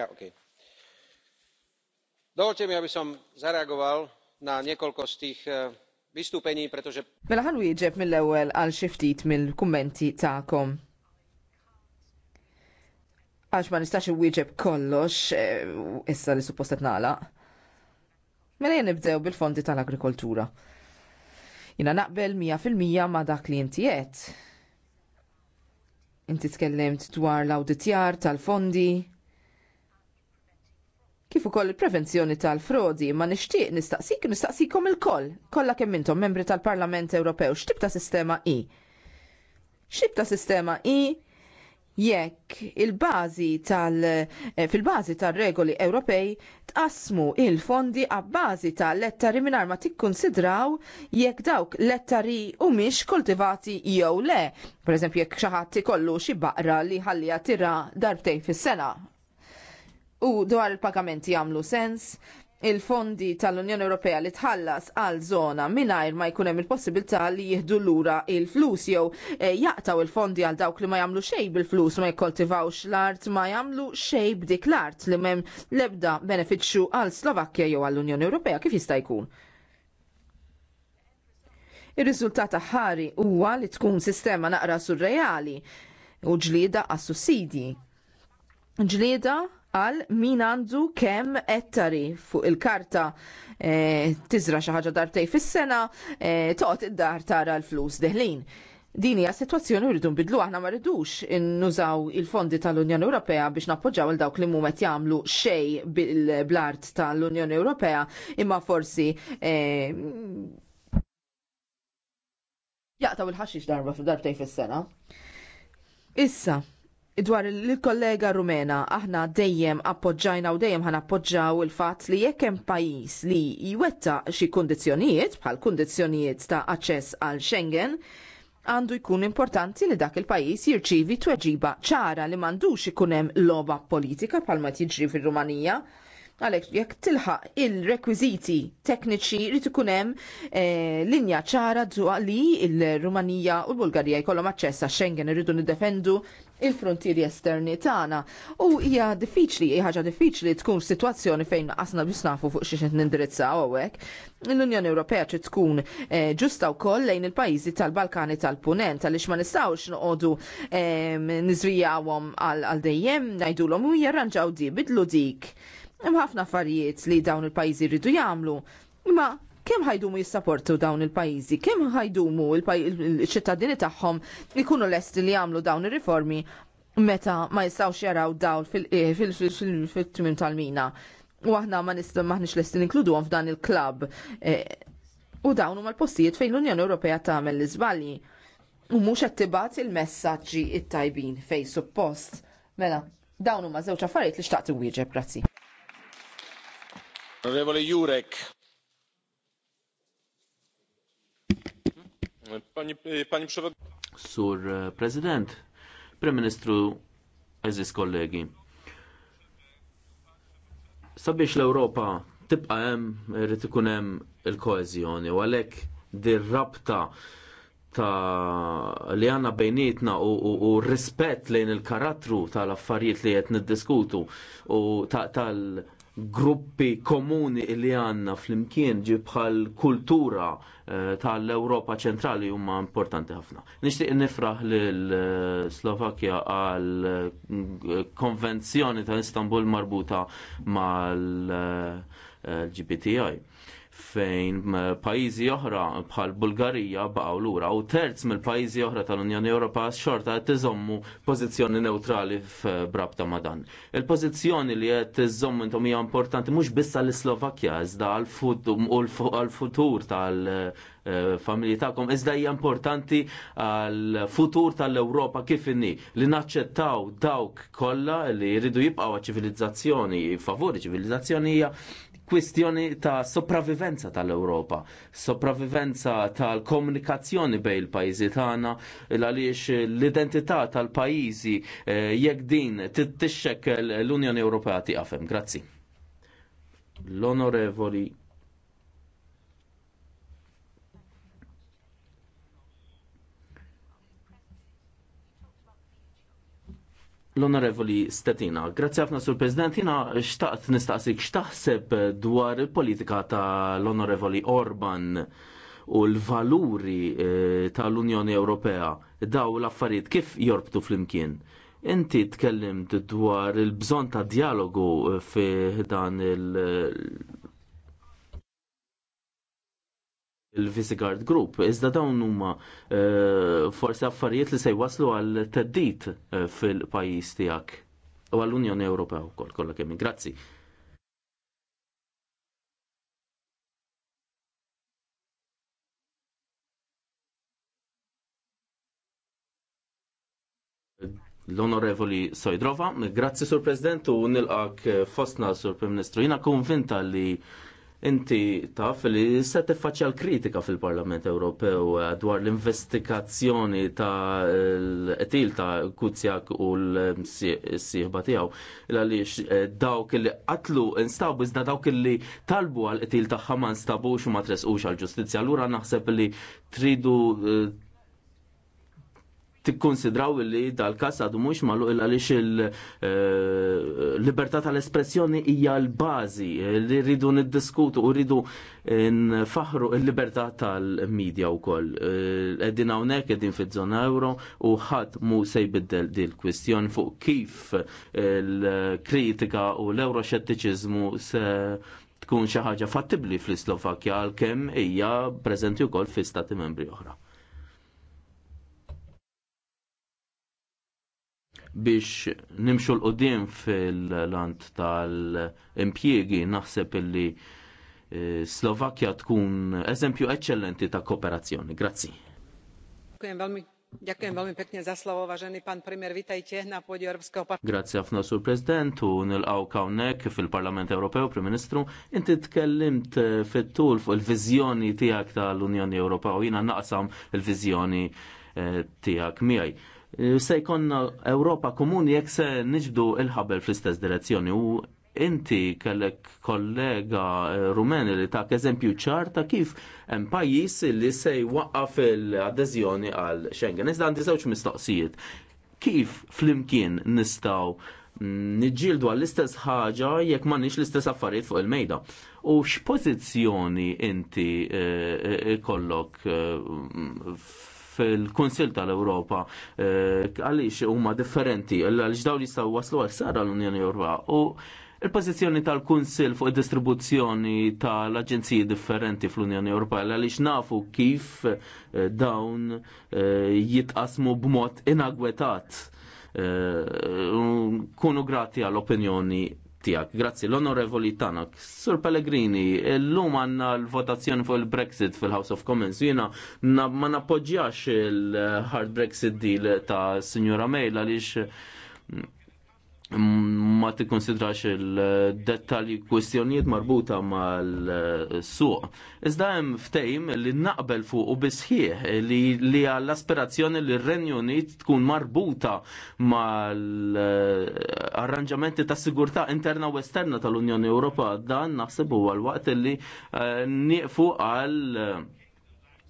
Speaker 5: Ja, okay. Dovolte mi, aby som zareagoval na niekoľko z tých uh, Bistupeni, pretože...
Speaker 2: Mela ħallu jieġeb mill-ewel għal xiftit mill-kummenti ta'kom. Għax ma nistax iwieġeb kollox, eh, issa li suppostet nala. Mela jen nibdew bil-fondi tal-agrikoltura. Jina naqbel 100% ma dak li intijiet. Inti tkellimt dwar l-auditjar tal-fondi, kif ukoll il-prevenzjoni tal-frodi ma nixtieq nistaqsik nistaqsikom il-koll kollha kemm intom membri tal-Parlament Ewropew x'tib ta' sistema I? X'tib ta' sistema i jekk il-bażi tal eh, fil-bażi tar-regoli Ewropej tqasmu il-fondi bażi tal lettari mingħajr ma tikkunsidraw jekk dawk lettari humiex koltivati jew le. Pereżempju jekk xi ħadd ikollu xi baqra li ħallija tira darbtejn fis-sena u dwar il-pagamenti jagħmlu sens il-fondi tal-Unjoni Ewropea li tħallas għal żona mingħajr ma jkun hemm il-possibilità li jieħdu lura il-flus jew eh, jaqtaw il-fondi għal dawk li ma jagħmlu xejn bil-flus ma jikkoltivawx l-art ma jagħmlu xej b'dik l-art li mem l-ebda benefiċċju għal Slovakkja jew għall unjoni Ewropea kif jista' jkun. Ir-riżultat aħħari huwa li tkun sistema naqra surreali u ġlieda għas-sussidji. Ġlieda għal min għandu kemm ettari fuq il-karta e, tiżra xi ħaġa dartej fis-sena, e, toqgħod id-dar tara l-flus deħlin. Din hija sitwazzjoni rridu nbidlu aħna ma rridux nużaw il-fondi tal-Unjoni Ewropea biex nappoġġaw il dawk li mumet jagħmlu xejn bil-blart tal-Unjoni Ewropea imma forsi e, jaqtaw il-ħaxix darba fil-darbtej fis-sena. Issa, dwar il-kollega rumena, aħna dejjem appoġġajna u dejjem ħan appoġġaw il-fat li jekk hemm pajjiż li jwetta xi kundizzjonijiet bħal kundizzjonijiet ta' aċċess għal Schengen, għandu jkun importanti li dak il-pajjiż jirċivi tweġiba ċara li m'għandux ikun hemm logħba politika bħalma tiġri fil rumanija Għalhekk jekk tilħaq il-rekwiżiti tekniċi rrid ikun hemm eh, linja ċara li il-Rumanija u l-Bulgarija jkollhom aċċess għax Schengen irridu niddefendu il-frontieri esterni tagħna. U hija diffiċli, hija ħaġa diffiċli tkun situazzjoni fejn qasna biss nafu fuq xi qed nindirizza hawnhekk. L-Unjoni Ewropea trid tkun eh, ġusta wkoll lejn il-pajjiżi tal-Balkani tal-Punent għaliex ma nistgħux noqogħdu eh, niżvijawhom għal dejjem ngħidulhom u jarranġaw di bidlu dik Hemm ħafna affarijiet li dawn il-pajjiżi jridu jagħmlu, imma kemm ħajdumu jissapportu dawn il-pajjiżi, kemm ħajdumu l ċittadini tagħhom ikunu lesti li jagħmlu dawn ir-riformi meta ma jistgħux jaraw dawn fil-tmim eh, tal-mina. U aħna ma nistgħu maħniex lesti ninkluduhom f'dan il-klabb. Eh, u dawn huma l-postijiet fejn l-Unjoni Ewropea tagħmel l-iżbalji. U mhux qed tibgħat il-messaġġi it-tajbin fejn suppost. Mela, dawn huma żewġ affarijiet li xtaqt iwieġeb, grazzi.
Speaker 3: Sur eh, President, Prim Ministru, eżis kollegi. Sabiex l-Ewropa tibqa' hemm irid ikun hemm il-koeżjoni u għalhekk dir-rabta ta' li għanna bejnietna u, u, u rispett lejn il-karattru tal-affarijiet li qed niddiskutu u tal ta gruppi komuni li għanna fl-imkien ġi bħal kultura eh, tal-Europa ċentrali huma importanti ħafna. Nixtieq nifraħ l eh, Slovakkja għal eh, konvenzjoni ta' Istanbul marbuta mal-GBTI fejn pajjiżi oħra bħal Bulgarija baqgħu lura u terz mill-pajjiżi oħra tal-Unjoni Ewropea xorta qed iżommu pożizzjoni neutrali f'rabta ma' dan. Il-pożizzjoni li qed iżommu intom hija importanti mhux biss għall-Slovakkja iżda għall-futur tal-familji tagħkom iżda hija importanti għall-futur tal-Ewropa kif inni li naċċettaw dawk kollha li jridu jibqgħu ċivilizzazzjoni favuri ċivilizzazzjoni hija kwistjoni ta' sopravivenza tal-Ewropa, sopravivenza tal-komunikazzjoni bej il-pajjiżi tagħna għaliex l-identità tal-pajjiżi eh, jekk din tixxekkel l-Unjoni Ewropea tiqafem. Grazzi. L-Onorevoli L-Onorevoli Stetina, Grazie għafna sur President, jina xtaqt nistaqsik xtaħseb dwar il-politika ta' l-Onorevoli Orban u l-valuri eh, tal-Unjoni Ewropea daw l-affarijiet kif jorbtu fl-imkien. Inti tkellimt dwar il-bżon ta' dialogu eh, fi dan il- il-Visigard Group, iżda dawn huma forse eh, forsi affarijiet li se jwaslu għal teddit eh, fil pajis tijak u għall-Unjoni Ewropea koll kollha kemm. Grazzi. l-Onorevoli Sojdrova. Grazzi, Sur President, u nilqak eh, fostna, Sur Prim Ministru. Jina konvinta li Inti taf li se tiffaċċja l-kritika fil-Parlament Ewropew dwar l-investigazzjoni ta' l-etil ta' Kuzjak u l-sieħba tiegħu għaliex eh, dawk li qatlu instabu iżda dawk li talbu għal qtil ta' ħaman stabu u ma tresqux għall ġustizzja Allura naħseb li tridu eh, tikkonsidraw li dal-kas għadu mux malu illa għalix il-libertà eh, tal-espressjoni hija l-bazi li rridu niddiskutu u rridu nfaħru il-libertà tal-medja u koll. Eddin eh, għawnek, eddin fid zona euro u ħadd mu sejbiddel l kwistjoni fuq kif il-kritika u l-euroxettiċizmu se tkun xi ħaġa fattibli fl-Slovakja għalkemm hija preżenti wkoll fi stati membri oħra. biex nimxu l-qoddim fil-land tal-impjiegi naħseb illi eh, Slovakkja tkun eżempju eċċellenti ta' kooperazzjoni. Grazzi.
Speaker 5: Ďakujem veľmi pekne za slovo, vážený pán premiér, vitajte na pôde
Speaker 3: Európskeho parlamentu. Grazie ħafna sur President u nilqaw kawnek fil-Parlament Ewropew, Prim Ministru, inti tkellimt eh, fit-tul fuq il-viżjoni tiegħek tal-Unjoni Ewropea u jiena naqsam il vizjoni eh, tiegħek miaj. Eh, se jkonna Ewropa komuni jekk se niġbdu il-ħabel fl-istess direzzjoni u inti kellek kollega eh, rumeni li ta' eżempju ċar ta' kif hemm pajjiż li se jwaqqaf il-adeżjoni għal Schengen. Iżda għandi żewġ mistoqsijiet. Kif flimkien nistgħu mm, niġġieldu għall-istess ħaġa jekk m'għandniex l-istess affarijiet fuq il-mejda. U x'pożizzjoni inti eh, kollok fil konsil tal-Ewropa eh, għaliex huma differenti għaliex li jistgħu waslu għal sara l-Unjoni Ewropea u il-pożizzjoni tal konsil fuq id-distribuzzjoni tal-aġenziji differenti fl-Unjoni Ewropea għaliex nafu kif eh, dawn eh, jitqasmu b'mod inagwetat kunu grati għall-opinjoni tijak. Grazzi, l-onorevoli tanak. Sur Pellegrini, l-lum għanna l-votazzjoni fuq il-Brexit fil-House of Commons. Jina na, ma napoġġjax il-hard Brexit deal ta' signora Mejla għaliex ma tikkonsidrax il-dettalji kwistjonijiet marbuta mal-suq. Iżda hemm ftejm li naqbel fuq u bisħieħ li għall-aspirazzjoni li r-Renju Unit tkun marbuta mal-arranġamenti ta' sigurtà interna u esterna tal-Unjoni Ewropea dan naħseb huwa l-waqt li eh, nieqfu għal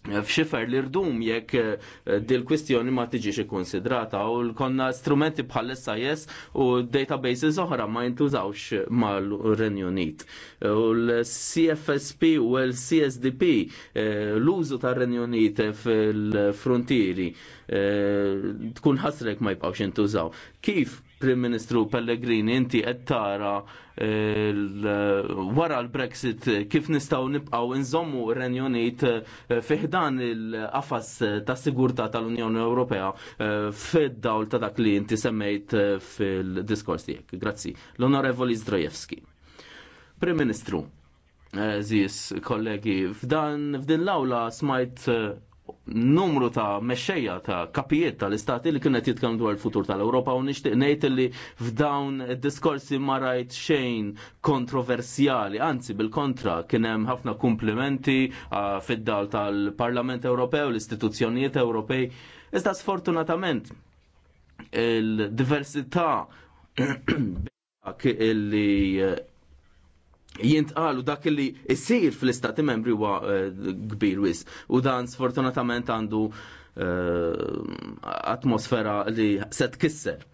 Speaker 3: fxifer li rdum jekk eh, dil-kwistjoni ma tiġix ikkonsidrata u konna strumenti bħal SIS u databases oħra ma jintużawx mal renju Unit. Eh, u l-CFSP u l-CSDP eh, l-użu tar renju Unit fil-frontieri tkun ħasrek ma jibqawx jintużaw. Kif Prim Ministru Pellegrini, inti qed tara eh, wara l-Brexit kif nistgħu nibqgħu nżommu r eh, fih dan fiħdan il-qafas ta' sigurtà tal-Unjoni Ewropea eh, fid-dawl ta' dak li inti semmejt fil-diskors tiegħek. Grazzi. L-Onorevoli Zdrojewski. Prim Ministru, Ziz, kollegi, f'dan f'din l-awla smajt numru ta' mexxejja ta' kapijiet tal-istati li kienet jitkellmu dwar il-futur tal-Ewropa u nixtieq ngħid li f'dawn diskorsi ma rajt xejn kontroversjali, anzi bil-kontra kien hemm ħafna kumplimenti ah, fid-dal tal-Parlament Ewropew, l-istituzzjonijiet Ewropej. Iżda sfortunatament il-diversità illi eh, jintqalu dak li jisir fl-istati membri huwa eh, kbir wis. U dan sfortunatament għandu eh, atmosfera li se tkisser.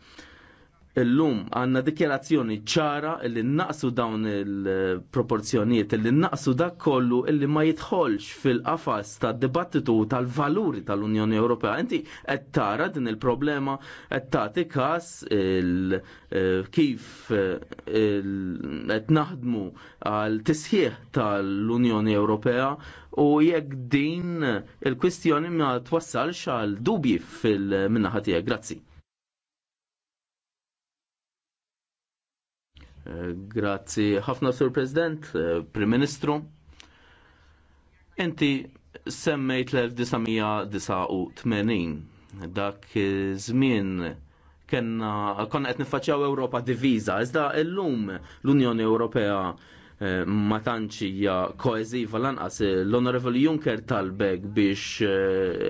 Speaker 3: Illum għanna dikjerazzjoni ċara illi naqsu dawn il-proporzjonijiet, illi naqsu dak kollu illi ma jidħolx fil-qafas ta' dibattitu tal-valuri tal-Unjoni Ewropea. Inti qed tara din il-problema qed tagħti każ eh, kif eh, qed naħdmu għal tisħieħ tal-Unjoni Ewropea u jekk din il-kwistjoni ma twassalx għal dubji fil-minnaħa tiegħek. Grazzi. Grazzi ħafna Sur President, eh, Prim Ministru. Inti semmejt l-1989 dak żmien kena konna qed nifaċċjaw Ewropa diviża, iżda illum l-Unjoni Ewropea eh, ma tantx hija koeżiva lanqas l-Onorevoli Juncker talbek biex eh,